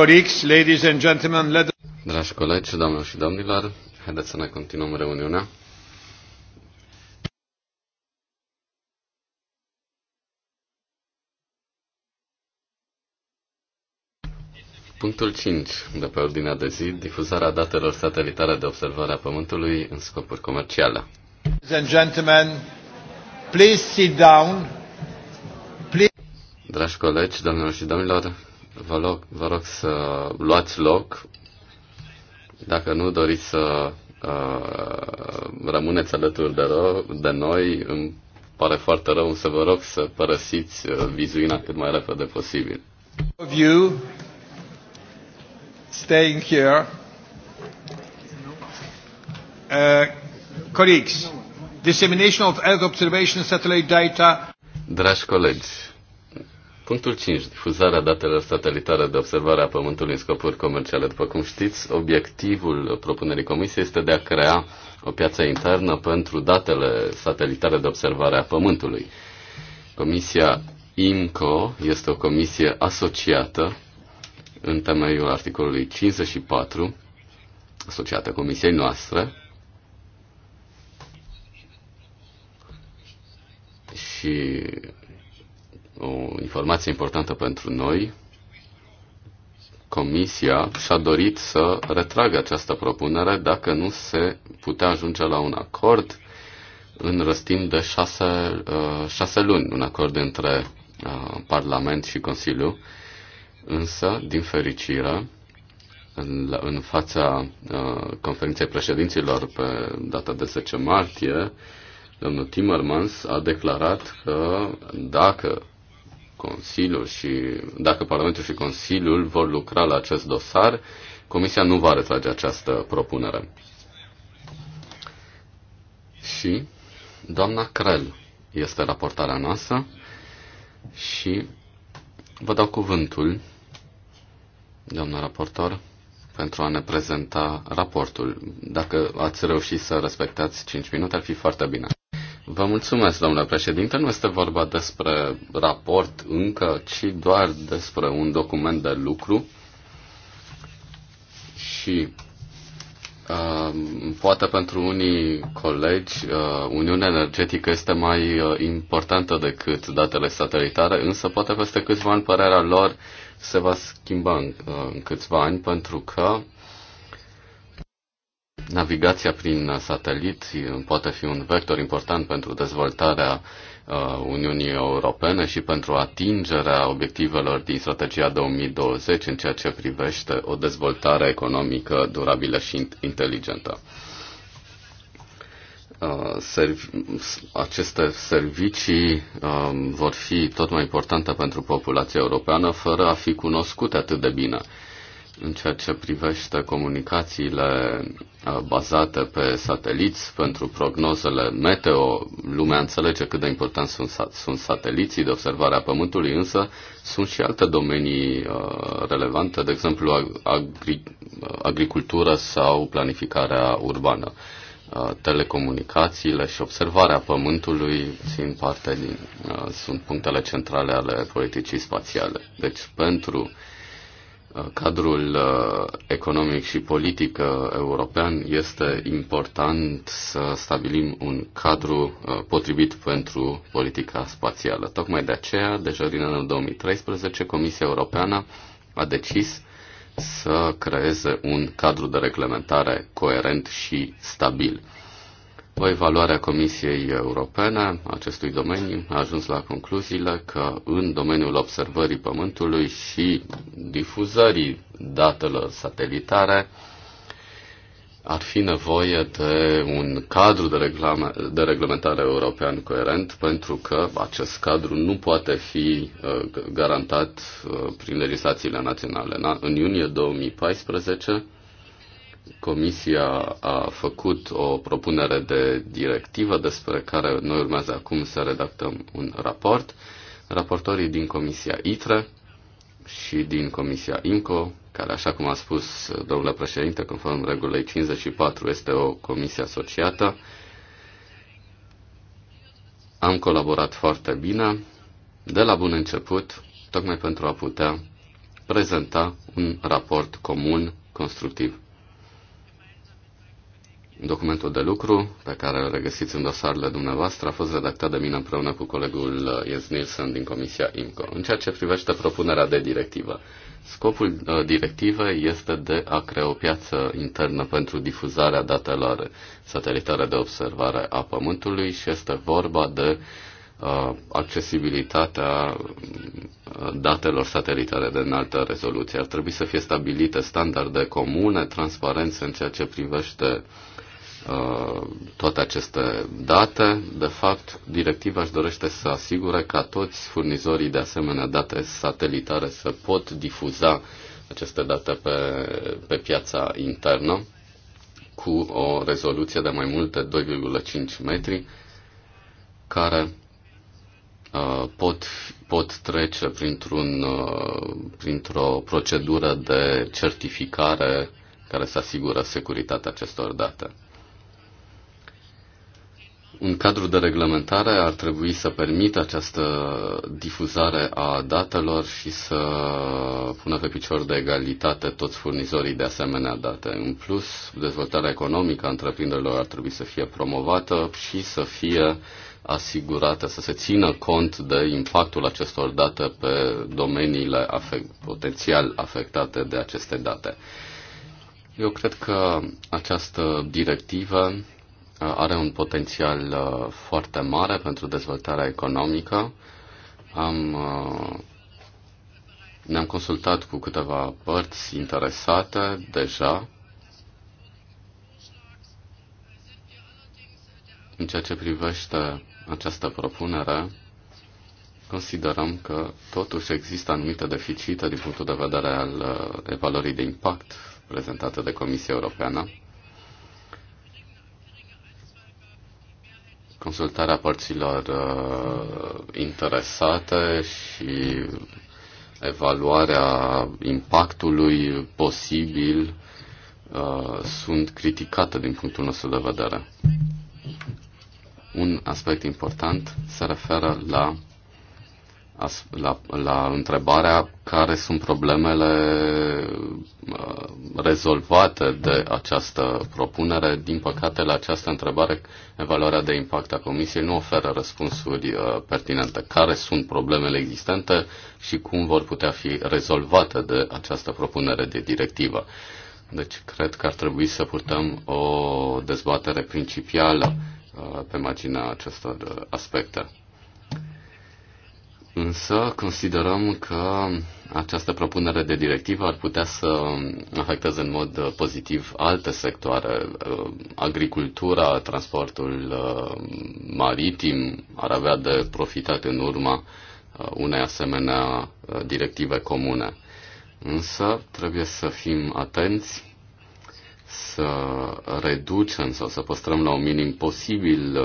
Colleagues, ladies and gentlemen, let... Dragi colegi, doamnelor și domnilor, haideți să ne continuăm reuniunea. Punctul 5 de pe ordinea de zi, difuzarea datelor satelitare de observare a Pământului în scopuri comerciale. Ladies and gentlemen, please sit down. Please... Dragi colegi, doamnelor și domnilor, Vă rog, vă rog să luați loc. Dacă nu doriți să uh, rămâneți alături de, ro- de noi, îmi pare foarte rău, să vă rog să părăsiți uh, vizuina cât mai repede posibil. Of you staying here. Uh, colleagues, dissemination of Earth observation satellite data. Dragi colegi, Punctul 5. Difuzarea datelor satelitare de observare a Pământului în scopuri comerciale. După cum știți, obiectivul propunerii Comisiei este de a crea o piață internă pentru datele satelitare de observare a Pământului. Comisia IMCO este o comisie asociată în temeiul articolului 54, asociată comisiei noastre, și o informație importantă pentru noi. Comisia și-a dorit să retragă această propunere dacă nu se putea ajunge la un acord în răstim de șase, uh, șase luni, un acord între uh, Parlament și Consiliu. Însă, din fericire, în, în fața uh, conferinței președinților pe data de 10 martie, domnul Timmermans a declarat că dacă Consiliul și dacă Parlamentul și Consiliul vor lucra la acest dosar, Comisia nu va retrage această propunere. Și doamna Crel este raportarea noastră și vă dau cuvântul, doamna raportor, pentru a ne prezenta raportul. Dacă ați reușit să respectați 5 minute, ar fi foarte bine. Vă mulțumesc, domnule președinte. Nu este vorba despre raport încă, ci doar despre un document de lucru. Și uh, poate pentru unii colegi, uh, Uniunea Energetică este mai uh, importantă decât datele satelitare, însă poate peste câțiva ani părerea lor se va schimba în, uh, în câțiva ani, pentru că Navigația prin satelit poate fi un vector important pentru dezvoltarea uh, Uniunii Europene și pentru atingerea obiectivelor din strategia 2020 în ceea ce privește o dezvoltare economică durabilă și inteligentă. Uh, aceste servicii um, vor fi tot mai importante pentru populația europeană fără a fi cunoscute atât de bine în ceea ce privește comunicațiile uh, bazate pe sateliți pentru prognozele meteo. Lumea înțelege cât de important sunt, sunt sateliții de observare a Pământului, însă sunt și alte domenii uh, relevante, de exemplu agri, uh, agricultură sau planificarea urbană. Telecomunicațiile și observarea Pământului țin parte din, sunt punctele centrale ale politicii spațiale. Deci pentru uh, cadrul uh, economic și politic uh, european este important să stabilim un cadru uh, potrivit pentru politica spațială. Tocmai de aceea, deja din anul 2013, Comisia Europeană a decis să creeze un cadru de reglementare coerent și stabil. O evaluare a Comisiei Europene a acestui domeniu a ajuns la concluziile că în domeniul observării Pământului și difuzării datelor satelitare ar fi nevoie de un cadru de, reglame, de reglementare european coerent pentru că acest cadru nu poate fi uh, garantat uh, prin legislațiile naționale. În iunie 2014 Comisia a făcut o propunere de directivă despre care noi urmează acum să redactăm un raport. Raportorii din Comisia ITRE și din Comisia IMCO, care, așa cum a spus domnule președinte, conform regulii 54, este o comisie asociată, am colaborat foarte bine de la bun început, tocmai pentru a putea prezenta un raport comun, constructiv Documentul de lucru pe care îl regăsiți în dosarele dumneavoastră a fost redactat de mine împreună cu colegul Jens Nielsen din Comisia IMCO. În ceea ce privește propunerea de directivă, scopul uh, directivei este de a crea o piață internă pentru difuzarea datelor satelitare de observare a Pământului și este vorba de uh, accesibilitatea uh, datelor satelitare de înaltă rezoluție. Ar trebui să fie stabilite standarde comune, transparență în ceea ce privește uh, Uh, toate aceste date. De fapt, directiva își dorește să asigure ca toți furnizorii de asemenea date satelitare să pot difuza aceste date pe, pe piața internă cu o rezoluție de mai multe 2,5 metri care uh, pot, pot trece printr-un, uh, printr-o procedură de certificare care să asigură securitatea acestor date. Un cadru de reglementare ar trebui să permită această difuzare a datelor și să pună pe picior de egalitate toți furnizorii de asemenea date. În plus, dezvoltarea economică a întreprinderilor ar trebui să fie promovată și să fie asigurată, să se țină cont de impactul acestor date pe domeniile afect, potențial afectate de aceste date. Eu cred că această directivă are un potențial uh, foarte mare pentru dezvoltarea economică. Am, uh, ne-am consultat cu câteva părți interesate deja. În ceea ce privește această propunere, considerăm că totuși există anumite deficite din punctul de vedere al uh, evaluării de impact prezentate de Comisia Europeană consultarea părților uh, interesate și evaluarea impactului posibil uh, sunt criticate din punctul nostru de vedere. Un aspect important se referă la la, la întrebarea care sunt problemele uh, rezolvate de această propunere. Din păcate, la această întrebare, evaluarea de impact a Comisiei nu oferă răspunsuri uh, pertinente. Care sunt problemele existente și cum vor putea fi rezolvate de această propunere de directivă? Deci, cred că ar trebui să purtăm o dezbatere principială uh, pe marginea acestor aspecte. Însă considerăm că această propunere de directivă ar putea să afecteze în mod pozitiv alte sectoare, uh, agricultura, transportul uh, maritim ar avea de profitat în urma uh, unei asemenea directive comune. Însă trebuie să fim atenți să reducem sau să păstrăm la un minim posibil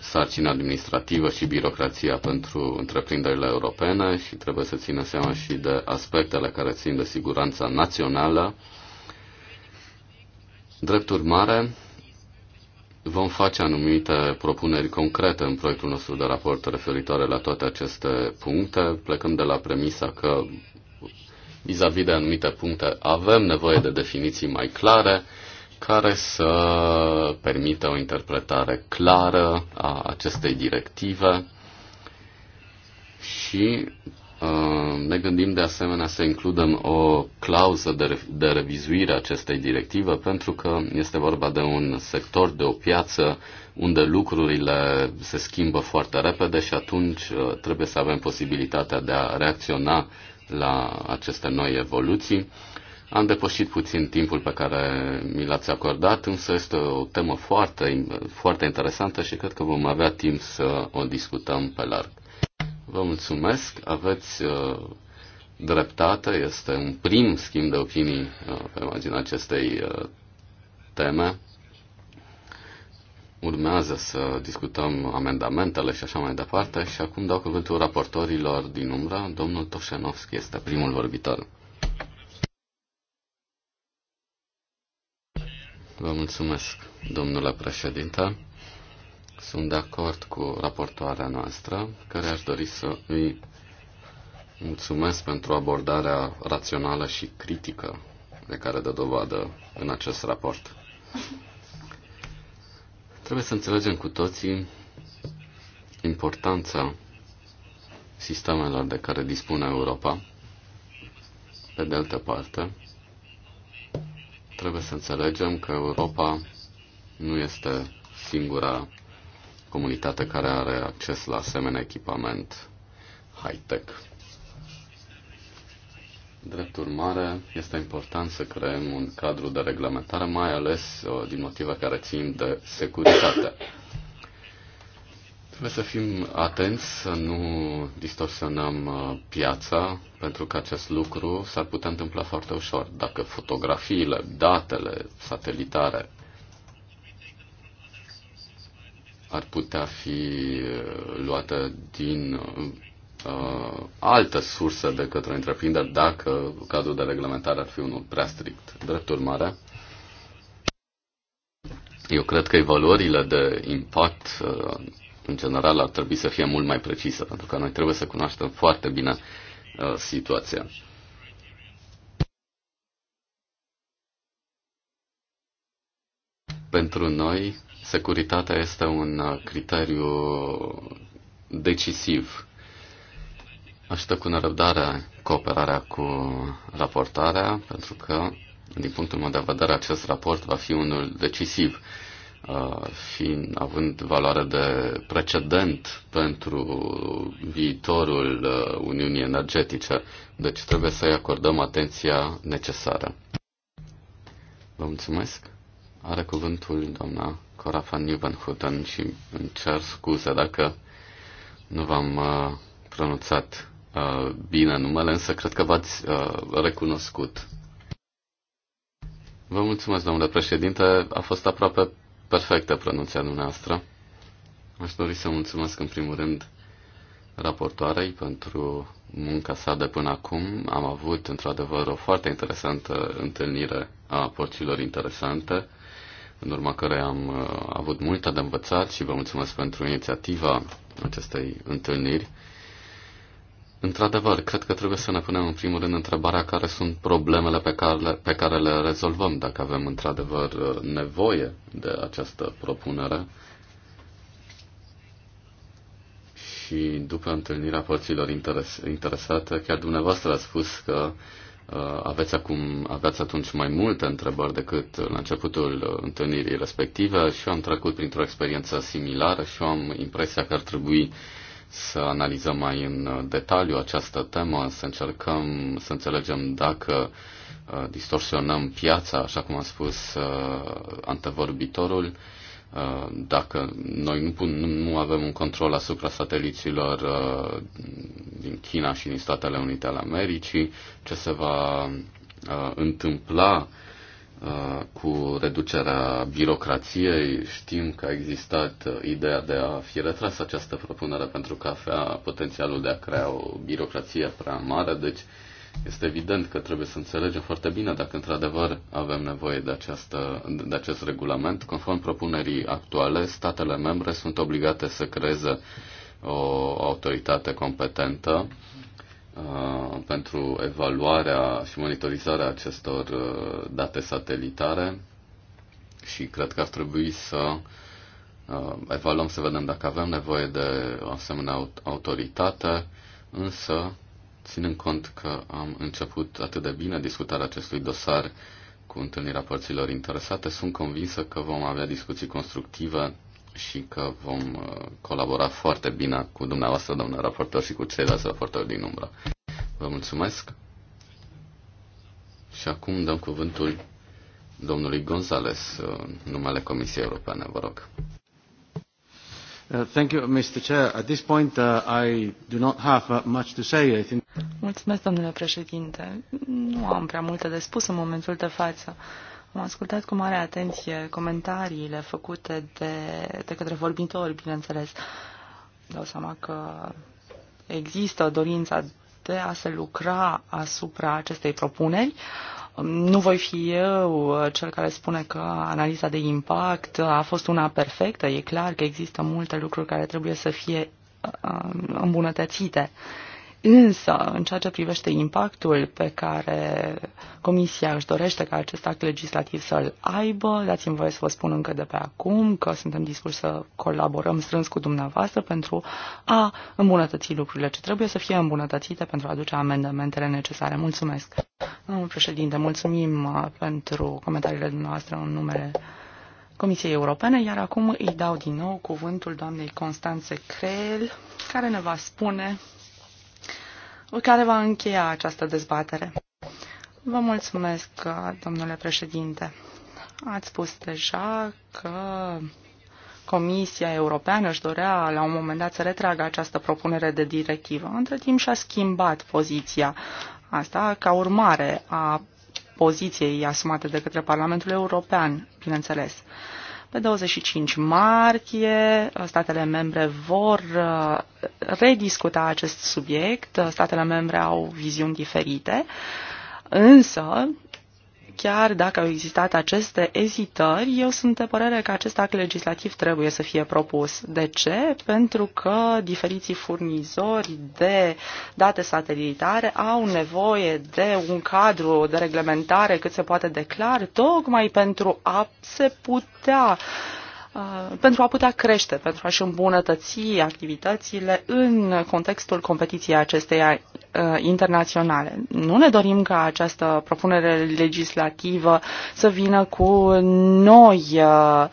sarcina administrativă și birocrația pentru întreprinderile europene și trebuie să țină seama și de aspectele care țin de siguranța națională. Drept urmare, vom face anumite propuneri concrete în proiectul nostru de raport referitoare la toate aceste puncte, plecând de la premisa că vis-a-vis -vis de anumite puncte avem nevoie de definiții mai clare, care să permită o interpretare clară a acestei directive și uh, ne gândim de asemenea să includem o clauză de, re- de revizuire a acestei directive pentru că este vorba de un sector, de o piață unde lucrurile se schimbă foarte repede și atunci uh, trebuie să avem posibilitatea de a reacționa la aceste noi evoluții. Am depășit puțin timpul pe care mi l-ați acordat, însă este o temă foarte, foarte interesantă și cred că vom avea timp să o discutăm pe larg. Vă mulțumesc, aveți uh, dreptate, este un prim schimb de opinii uh, pe marginea acestei uh, teme. Urmează să discutăm amendamentele și așa mai departe și acum dau cuvântul raportorilor din umbră. Domnul Toșenovski este primul vorbitor. Vă mulțumesc, domnule președinte. Sunt de acord cu raportoarea noastră, care aș dori să îi mulțumesc pentru abordarea rațională și critică de care dă dovadă în acest raport. Trebuie să înțelegem cu toții importanța sistemelor de care dispune Europa. Pe de altă parte, Trebuie să înțelegem că Europa nu este singura comunitate care are acces la asemenea echipament high-tech. Drept urmare, este important să creăm un cadru de reglementare, mai ales uh, din motive care țin de securitate. Trebuie să fim atenți să nu distorsionăm uh, piața, pentru că acest lucru s-ar putea întâmpla foarte ușor. Dacă fotografiile, datele satelitare ar putea fi uh, luate din uh, uh altă sursă de către întreprindere dacă cadrul de reglementare ar fi unul prea strict. Drept urmare, eu cred că evaluările de impact în general, ar trebui să fie mult mai precisă, pentru că noi trebuie să cunoaștem foarte bine uh, situația. Pentru noi, securitatea este un uh, criteriu decisiv. Aștept cu nerăbdare cooperarea cu raportarea, pentru că, din punctul meu de vedere, acest raport va fi unul decisiv Uh, fiind, având valoare de precedent pentru viitorul uh, Uniunii Energetice. Deci trebuie să-i acordăm atenția necesară. Vă mulțumesc. Are cuvântul doamna Corafa Nieuwenhuten și îmi cer scuze dacă nu v-am uh, pronunțat bine numele, însă cred că v-ați recunoscut. Vă mulțumesc, domnule președinte. A fost aproape perfectă pronunția dumneavoastră. Aș dori să mulțumesc în primul rând raportoarei pentru munca sa de până acum. Am avut într-adevăr o foarte interesantă întâlnire a porților interesante, în urma care am uh, avut multe de învățat și vă mulțumesc pentru inițiativa acestei întâlniri. Într-adevăr, cred că trebuie să ne punem în primul rând întrebarea care sunt problemele pe care, le, pe care le rezolvăm, dacă avem într-adevăr uh, nevoie de această propunere. Și după întâlnirea părților interes, interesate, chiar dumneavoastră ați spus că uh, aveți, acum, aveți atunci mai multe întrebări decât la începutul uh, întâlnirii respective și eu am trecut printr-o experiență similară și eu am impresia că ar trebui uh, să analizăm mai în detaliu această temă, să încercăm să înțelegem dacă uh, distorsionăm piața, așa cum a spus uh, antevorbitorul, uh, dacă noi nu, pun, nu avem un control asupra sateliților din China și din Statele Unite ale Americii, ce se va întâmpla Uh, cu reducerea birocrației. Știm că a existat uh, ideea de a fi retras această propunere pentru că avea potențialul de a crea o birocrație prea mare, deci este evident că trebuie să înțelegem foarte bine dacă într-adevăr avem nevoie de, această, de acest regulament. Conform propunerii actuale, statele membre sunt obligate să creeze o autoritate competentă Uh, pentru evaluarea și monitorizarea acestor uh, date satelitare și cred că ar trebui să uh, evaluăm să vedem dacă avem nevoie de o asemenea autoritate, însă ținând cont că am început atât de bine discutarea acestui dosar cu întâlnirea părților interesate, sunt convinsă că vom avea discuții constructive și că vom uh, colabora foarte bine cu dumneavoastră, domnule raportor, și cu ceilalți raportori din umbră. Vă mulțumesc. Și acum dăm cuvântul domnului Gonzales, uh, numele Comisiei Europene, vă rog. Uh, thank you, Mr. Chair. At this point, uh, I do not have much to say. I think... Mulțumesc, domnule președinte. Nu am prea multe de spus în momentul de față. Uh, am ascultat cu mare atenție comentariile făcute de, de către vorbitori, bineînțeles. Dau seama că există dorința de a se lucra asupra acestei propuneri. Nu voi fi eu cel care spune că analiza de impact a fost una perfectă. E clar că există multe lucruri care trebuie să fie uh, îmbunătățite. Uh, Însă, în ceea ce privește impactul pe care Comisia își dorește ca acest act legislativ să-l aibă, dați-mi voie să vă spun încă de pe acum că suntem dispuși să colaborăm strâns cu dumneavoastră pentru a îmbunătăți lucrurile ce trebuie să fie îmbunătățite pentru a aduce amendamentele necesare. Mulțumesc! Domnul președinte, mulțumim uh, pentru comentariile dumneavoastră în numele Comisiei Europene, iar acum îi dau din nou cuvântul doamnei Constanțe Creel, care ne va spune care va încheia această dezbatere. Vă mulțumesc, domnule președinte. Ați spus deja că Comisia Europeană își dorea la un moment dat să retragă această propunere de directivă. Între timp și-a schimbat poziția asta ca urmare a poziției asumate de către Parlamentul European, bineînțeles. Uh, pe 25 martie, statele membre vor uh, rediscuta acest subiect. Statele membre au viziuni diferite, însă chiar dacă au existat aceste ezitări, eu sunt de părere că acest act legislativ trebuie să fie propus. De ce? Pentru că diferiții furnizori de date satelitare au nevoie de un cadru de reglementare cât se poate declar, tocmai pentru a se putea uh, pentru a putea crește, pentru a-și îmbunătăți activitățile în contextul competiției acesteia uh, internaționale. Nu ne dorim ca această propunere legislativă să vină cu noi uh,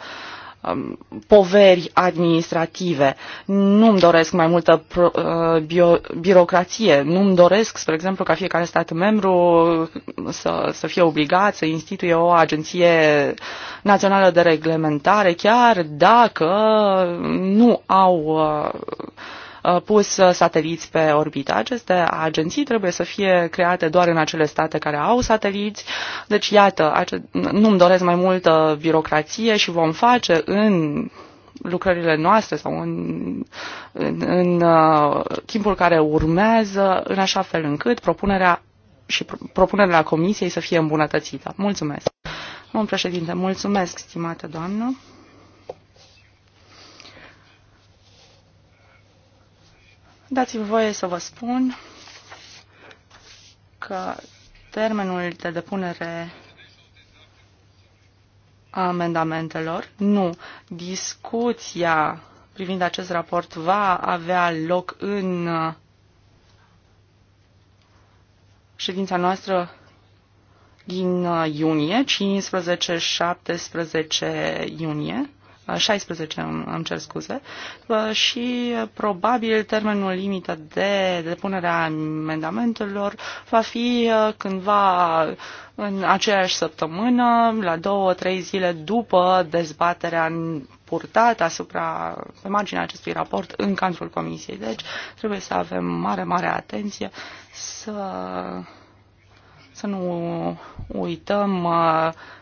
um, poveri administrative. Nu-mi doresc mai multă pro, uh, bio, birocrație. Nu-mi doresc, spre exemplu, ca fiecare stat membru să, să fie obligat să instituie o agenție națională de reglementare, chiar dacă nu au uh, Uh, pus uh, sateliți pe orbită. Aceste agenții trebuie să fie create doar în acele state care au sateliți. Deci, iată, nu-mi doresc mai multă birocrație și vom face în lucrările noastre sau în, în, în uh, timpul care urmează, în așa fel încât propunerea și propunerea comisiei să fie îmbunătățită. Mulțumesc. Domnul președinte, mulțumesc, stimată doamnă. Dați-mi voie să vă spun că termenul de depunere a amendamentelor, nu, discuția privind acest raport va avea loc în uh, ședința noastră din uh, iunie, 15-17 iunie. 16, îmi cer scuze, uh, și uh, probabil termenul limită de depunerea amendamentelor va fi uh, cândva în aceeași săptămână, la două, trei zile după dezbaterea purtată asupra, pe marginea acestui raport în cadrul comisiei. Deci trebuie să avem mare, mare atenție să, să nu uităm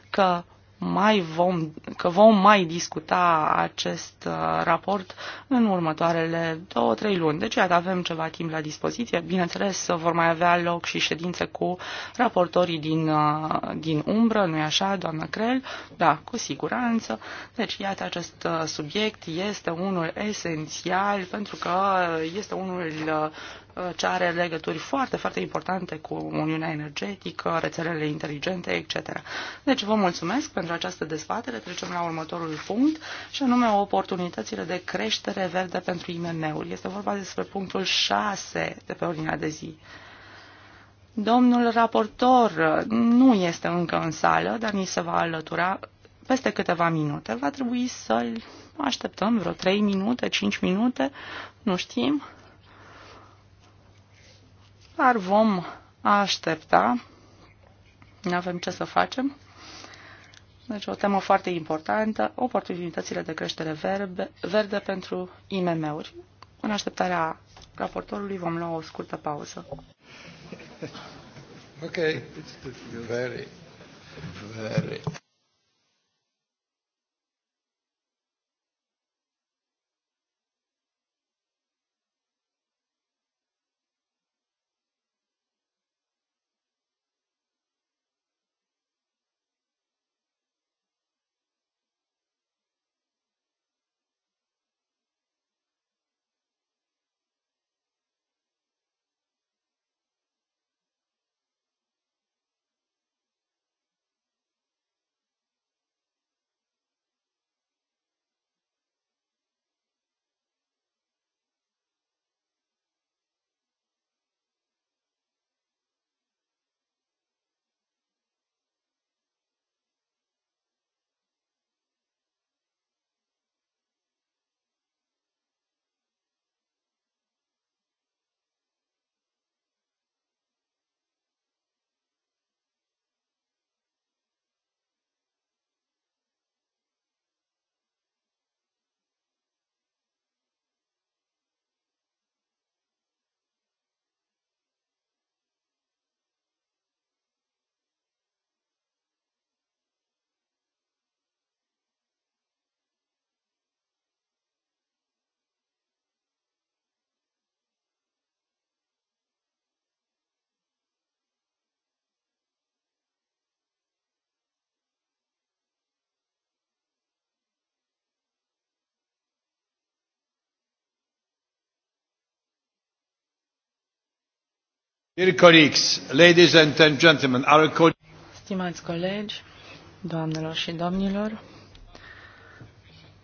că mai vom, că vom mai discuta acest uh, raport în următoarele două, trei luni. Deci, iată, avem ceva timp la dispoziție. Bineînțeles, vor mai avea loc și ședințe cu raportorii din, uh, din umbră, nu-i așa, doamnă Crel? Da, cu siguranță. Deci, iată, acest uh, subiect este unul esențial pentru că este unul Uh, ce are legături foarte, foarte importante cu Uniunea Energetică, rețelele inteligente, etc. Deci vă mulțumesc pentru această dezbatere. Trecem la următorul punct și anume oportunitățile de creștere verde pentru IMM-uri. Este vorba despre punctul 6 de pe ordinea de zi. Domnul raportor nu este încă în sală, dar ni se va alătura peste câteva minute. Va trebui să-l așteptăm vreo 3 minute, 5 minute, nu știm. Dar vom aștepta. Nu avem ce să facem. Deci o temă foarte importantă, oportunitățile de creștere verbe, verde pentru IMM-uri. În așteptarea raportorului vom lua o scurtă pauză. Ok, it's very, very. Stimați colegi, doamnelor și domnilor,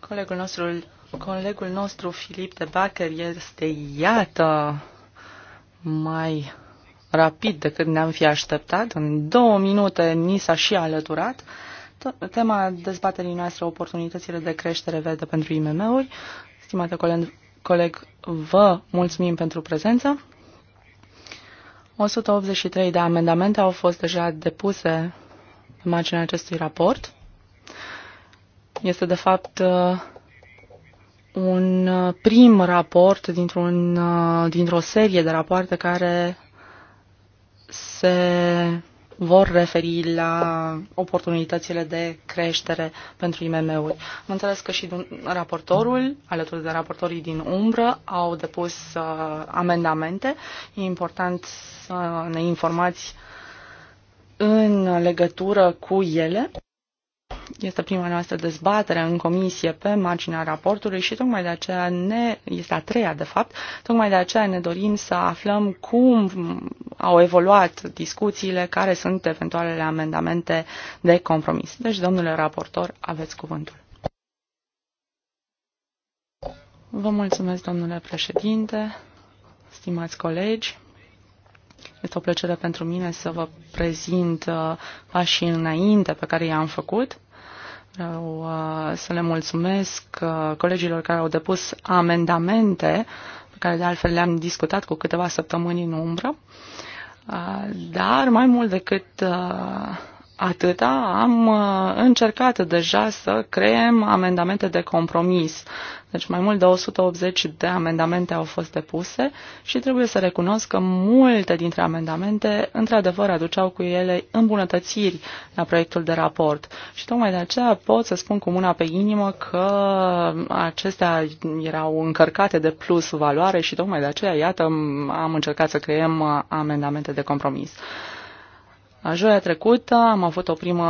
colegul nostru, colegul nostru Filip de Bacher este, iată, mai rapid decât ne-am fi așteptat. În două minute ni s-a și alăturat. Tema dezbaterii noastre, oportunitățile de creștere verde pentru IMM-uri. Stimate coleg, coleg, vă mulțumim pentru prezență. 183 de amendamente au fost deja depuse în marginea acestui raport. Este, de fapt, uh, un uh, prim raport dintr-un, uh, dintr-o serie de rapoarte care se vor referi la oportunitățile de creștere pentru IMM-uri. Am înțeles că și raportorul, alături de raportorii din umbră, au depus uh, amendamente. E important să ne informați în legătură cu ele. Este prima noastră dezbatere în comisie pe marginea raportului și tocmai de aceea ne, este a treia de fapt, tocmai de aceea ne dorim să aflăm cum au evoluat discuțiile, care sunt eventualele amendamente de compromis. Deci, domnule raportor, aveți cuvântul. Vă mulțumesc, domnule președinte, stimați colegi. Este o plăcere pentru mine să vă prezint uh, pașii înainte pe care i-am făcut. Vreau uh, să le mulțumesc uh, colegilor care au depus amendamente, pe care de altfel le-am discutat cu câteva săptămâni în umbră, uh, dar mai mult decât atâta, am uh, încercat deja să creăm amendamente de compromis. Deci mai mult de 180 de amendamente au fost depuse și trebuie să recunosc că multe dintre amendamente într-adevăr aduceau cu ele îmbunătățiri la proiectul de raport. Și tocmai de aceea pot să spun cu mâna pe inimă că acestea erau încărcate de plus valoare și tocmai de aceea, iată, am încercat să creăm uh, amendamente de compromis. Joia trecută am avut o primă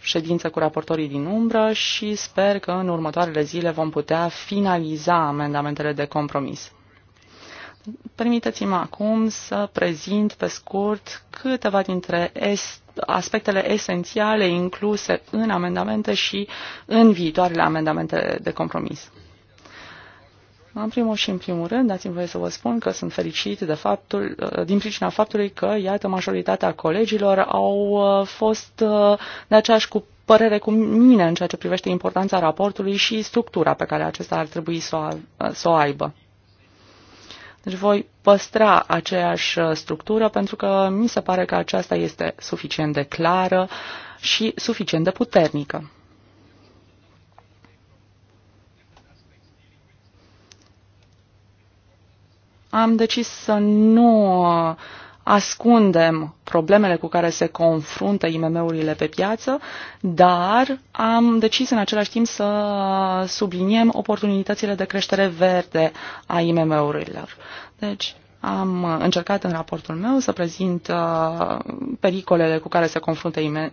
ședință cu raportorii din umbră și sper că în următoarele zile vom putea finaliza amendamentele de compromis. Permiteți-mi acum să prezint pe scurt câteva dintre es- aspectele esențiale incluse în amendamente și în viitoarele amendamente de compromis. În primul și în primul rând, dați-mi voie să vă spun că sunt fericit de faptul, din pricina faptului că, iată, majoritatea colegilor au uh, fost uh, de aceeași cu părere cu mine în ceea ce privește importanța raportului și structura pe care acesta ar trebui să o, să o aibă. Deci voi păstra aceeași uh, structură pentru că mi se pare că aceasta este suficient de clară și suficient de puternică. am decis să nu uh, ascundem problemele cu care se confruntă IMM-urile pe piață, dar am decis în același timp să subliniem oportunitățile de creștere verde a IMM-urilor. Deci, am încercat în raportul meu să prezint uh, pericolele cu care se confruntă imm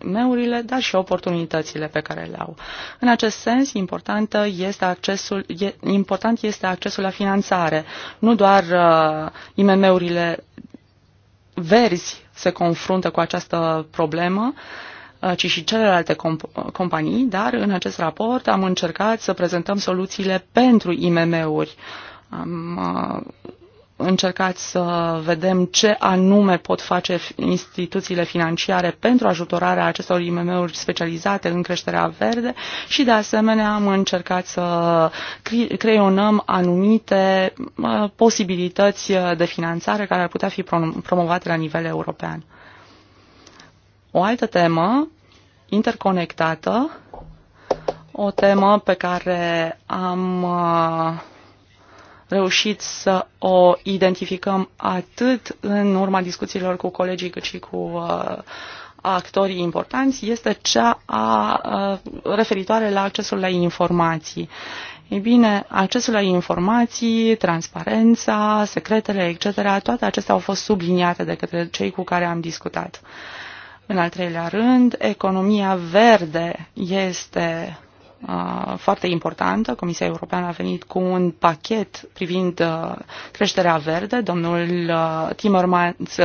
dar și oportunitățile pe care le au. În acest sens, importantă este accesul, e, important este accesul la finanțare. Nu doar uh, imm verzi se confruntă cu această problemă, uh, ci și celelalte comp- companii, dar în acest raport am încercat să prezentăm soluțiile pentru IMM-uri. Am uh, încercat să vedem ce anume pot face instituțiile financiare pentru ajutorarea acestor IMM-uri specializate în creșterea verde și de asemenea am încercat să creionăm anumite posibilități de finanțare care ar putea fi promovate la nivel european. O altă temă interconectată, o temă pe care am uh, reușit să o identificăm atât în urma discuțiilor cu colegii cât și cu uh, actorii importanți este cea a, uh, referitoare la accesul la informații. Ei bine, accesul la informații, transparența, secretele, etc., toate acestea au fost subliniate de către cei cu care am discutat. În al treilea rând, economia verde este foarte importantă. Comisia Europeană a venit cu un pachet privind creșterea verde. Domnul Timmermans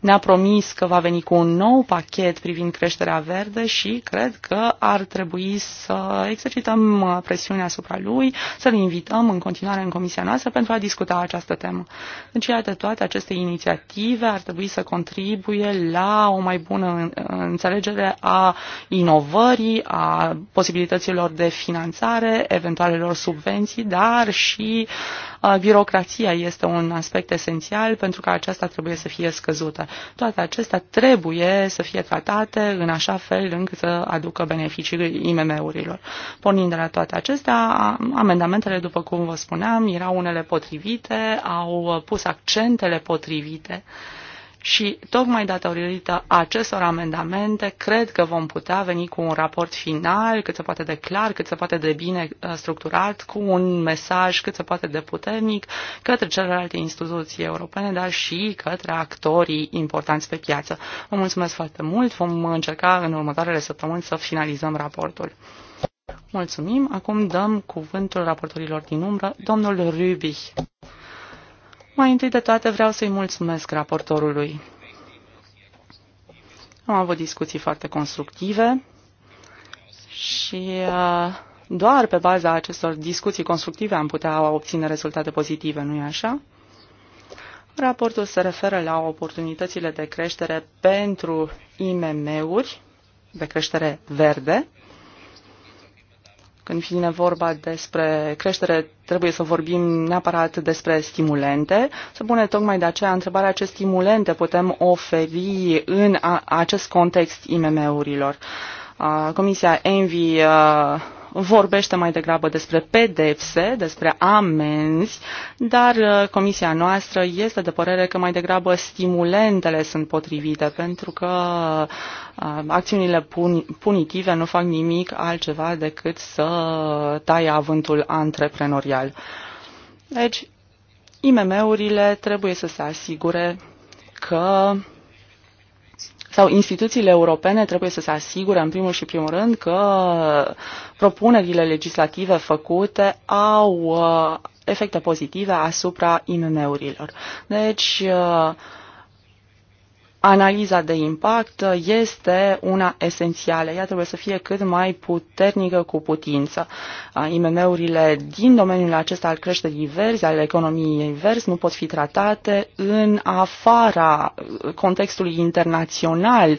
ne-a promis că va veni cu un nou pachet privind creșterea verde și cred că ar trebui să exercităm presiunea asupra lui, să-l invităm în continuare în comisia noastră pentru a discuta această temă. Deci, iată, toate aceste inițiative ar trebui să contribuie la o mai bună înțelegere a inovării, a posibilităților de finanțare, eventualelor subvenții, dar și uh, birocrația este un aspect esențial pentru că aceasta trebuie să fie scăzută. Toate acestea trebuie să fie tratate în așa fel încât să aducă beneficii IMM-urilor. Pornind de la toate acestea, amendamentele, după cum vă spuneam, erau unele potrivite, au pus accentele potrivite. Uh, și tocmai datorită acestor amendamente, cred că vom putea veni cu un raport final cât se poate de clar, cât se poate de bine uh, structurat, cu un mesaj cât se poate de puternic către celelalte instituții europene, dar și către actorii importanți pe piață. Vă mulțumesc foarte mult, vom încerca în următoarele săptămâni să finalizăm raportul. Mulțumim, acum dăm cuvântul raportorilor din umbră, domnul Rübich. Mai întâi de toate vreau să-i mulțumesc raportorului. Am avut discuții foarte constructive și uh, doar pe baza acestor discuții constructive am putea obține rezultate pozitive, nu-i așa? Raportul se referă la oportunitățile de creștere pentru IMM-uri, de creștere verde, când vine vorba despre creștere, trebuie să vorbim neapărat despre stimulente. Se pune tocmai de aceea întrebarea ce stimulente putem oferi în a, acest context IMM-urilor. Comisia Envi vorbește mai degrabă despre pedepse, despre amenzi, dar uh, comisia noastră este de părere că mai degrabă stimulentele sunt potrivite, pentru că uh, acțiunile punitive nu fac nimic altceva decât să taie avântul antreprenorial. Deci, IMM-urile trebuie să se asigure că sau instituțiile europene trebuie să se asigure, în primul și primul rând, că propunerile legislative făcute au uh, efecte pozitive asupra IMM-urilor. Deci, uh, analiza de impact este una esențială. Ea trebuie să fie cât mai puternică cu putință. IMM-urile din domeniul acesta al creșterii verzi, al economiei verzi, nu pot fi tratate în afara contextului internațional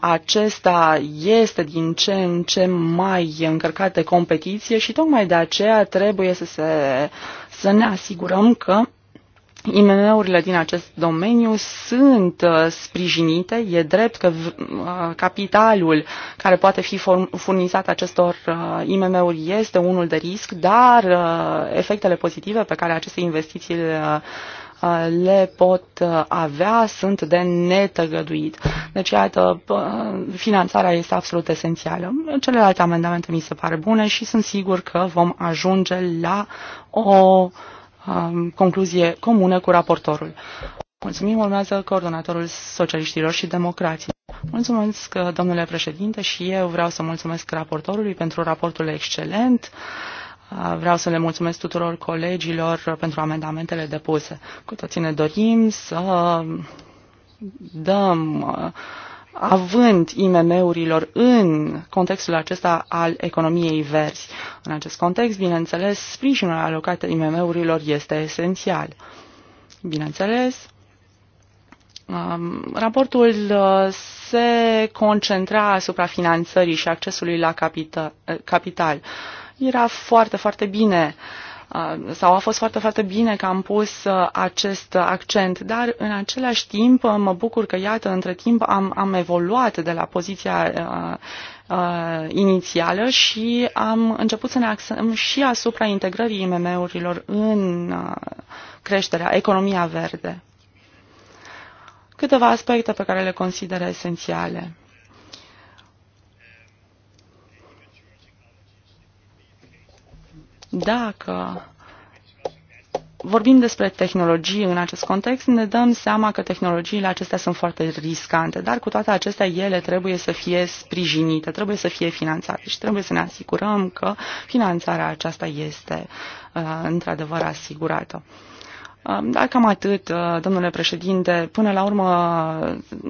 acesta este din ce în ce mai încărcat de competiție și tocmai de aceea trebuie să, se, să ne asigurăm că IMM-urile din acest domeniu sunt uh, sprijinite. E drept că uh, capitalul care poate fi furnizat acestor uh, IMM-uri este unul de risc, dar efectele pozitive pe care aceste investiții le pot avea sunt de netăgăduit. Deci, iată, finanțarea este absolut esențială. Celelalte amendamente mi se pare bune și sunt sigur că vom ajunge la o uh, concluzie comună cu raportorul. Mulțumim, urmează coordonatorul socialiștilor și democrații. Mulțumesc, domnule președinte, și eu vreau să mulțumesc raportorului pentru raportul excelent. Vreau să le mulțumesc tuturor colegilor pentru amendamentele depuse. Cu toții ne dorim să dăm având IMM-urilor în contextul acesta al economiei verzi. În acest context, bineînțeles, sprijinul alocat IMM-urilor este esențial. Bineînțeles, um, Raportul uh, se concentra asupra finanțării și accesului la uh, capital. Era foarte, foarte bine uh, sau a fost foarte, foarte bine că am pus uh, acest accent, dar în același timp uh, mă bucur că, iată, între timp am, am evoluat de la poziția uh, inițială și am început să ne axăm și asupra integrării IMM-urilor în creșterea, economia verde. Câteva aspecte pe care le consider esențiale. Dacă vorbim despre tehnologii în acest context, ne dăm seama că tehnologiile acestea sunt foarte riscante, dar cu toate acestea ele trebuie să fie sprijinite, trebuie să fie finanțate și trebuie să ne asigurăm că finanțarea aceasta este uh, într-adevăr asigurată. Da, cam atât, uh, domnule președinte. Până la urmă,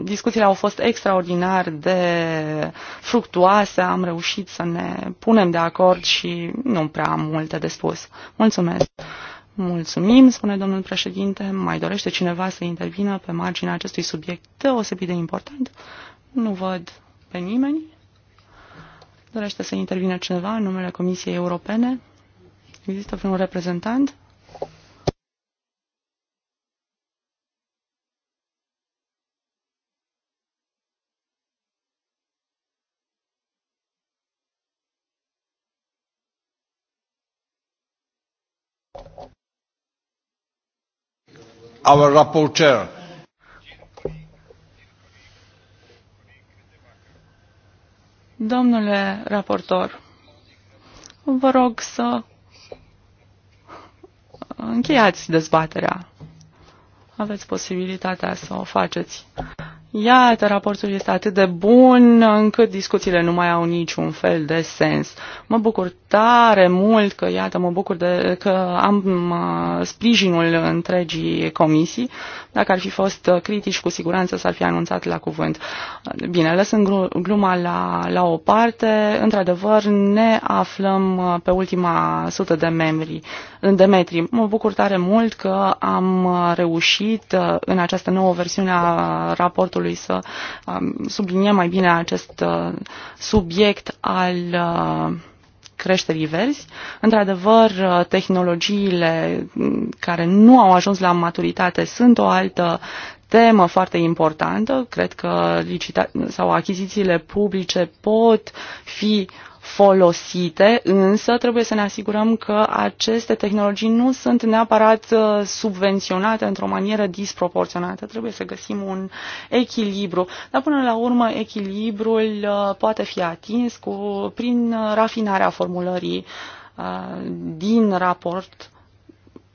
discuțiile au fost extraordinar de fructuoase. Am reușit să ne punem de acord și nu prea am multe de spus. Mulțumesc. Mulțumim, spune domnul președinte. Mai dorește cineva să intervină pe marginea acestui subiect deosebit de important? Nu văd pe nimeni. Dorește să intervină cineva în numele Comisiei Europene? Există vreun reprezentant? our rapporteur. Domnule raportor, vă rog să încheiați dezbaterea. Aveți posibilitatea să o faceți. Iată, raportul este atât de bun încât discuțiile nu mai au niciun fel de sens. Mă bucur tare mult că, iată, mă bucur de, că am sprijinul întregii comisii. Dacă ar fi fost critici, cu siguranță s-ar fi anunțat la cuvânt. Bine, lăsând gluma la, la o parte, într-adevăr ne aflăm pe ultima sută de membri, de metri. Mă bucur tare mult că am reușit în această nouă versiune a raportului Parlamentului să um, subliniem mai bine acest uh, subiect al uh, creșterii verzi. Într-adevăr, uh, tehnologiile mm, care nu au ajuns la maturitate sunt o altă temă foarte importantă. Cred că licita- sau achizițiile publice pot fi folosite, însă trebuie să ne asigurăm că aceste tehnologii nu sunt neapărat uh, subvenționate într-o manieră disproporționată. Trebuie să găsim un echilibru, dar până la urmă echilibrul uh, poate fi atins cu, prin uh, rafinarea formulării din raport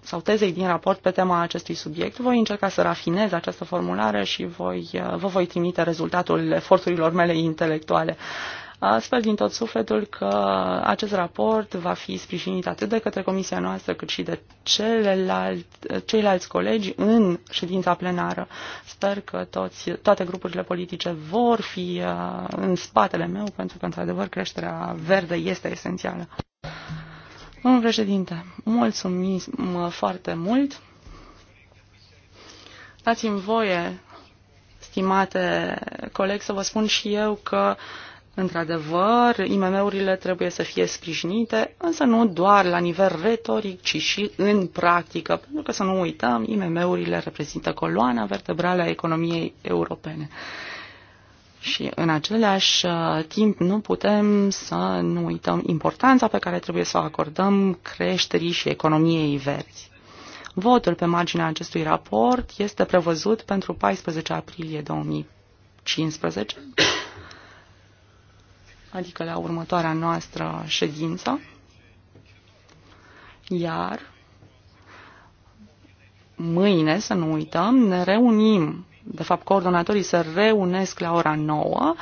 sau tezei din raport pe tema acestui subiect. Voi încerca să rafinez această formulare și voi, vă voi trimite rezultatul eforturilor mele intelectuale. Sper din tot sufletul că acest raport va fi sprijinit atât de către comisia noastră cât și de celelalți, ceilalți colegi în ședința plenară. Sper că toți, toate grupurile politice vor fi uh, în spatele meu pentru că, într-adevăr, creșterea verde este esențială. Domnul președinte, mulțumim foarte mult. Dați-mi voie, stimate coleg, să vă spun și eu că Într-adevăr, IMM-urile trebuie să fie sprijinite, însă nu doar la nivel retoric, ci și în practică, pentru că să nu uităm, IMM-urile reprezintă coloana vertebrală a economiei europene. Și în același uh, timp nu putem să nu uităm importanța pe care trebuie să o acordăm creșterii și economiei verzi. Votul pe marginea acestui raport este prevăzut pentru 14 aprilie 2015 adică la următoarea noastră ședință, iar mâine, să nu uităm, ne reunim, de fapt coordonatorii se reunesc la ora 9,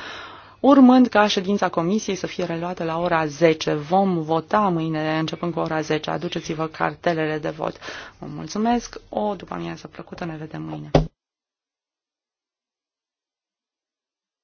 urmând ca ședința comisiei să fie reluată la ora 10. Vom vota mâine începând cu ora 10. Aduceți-vă cartelele de vot. Vă mulțumesc, o după amiază plăcută, ne vedem mâine.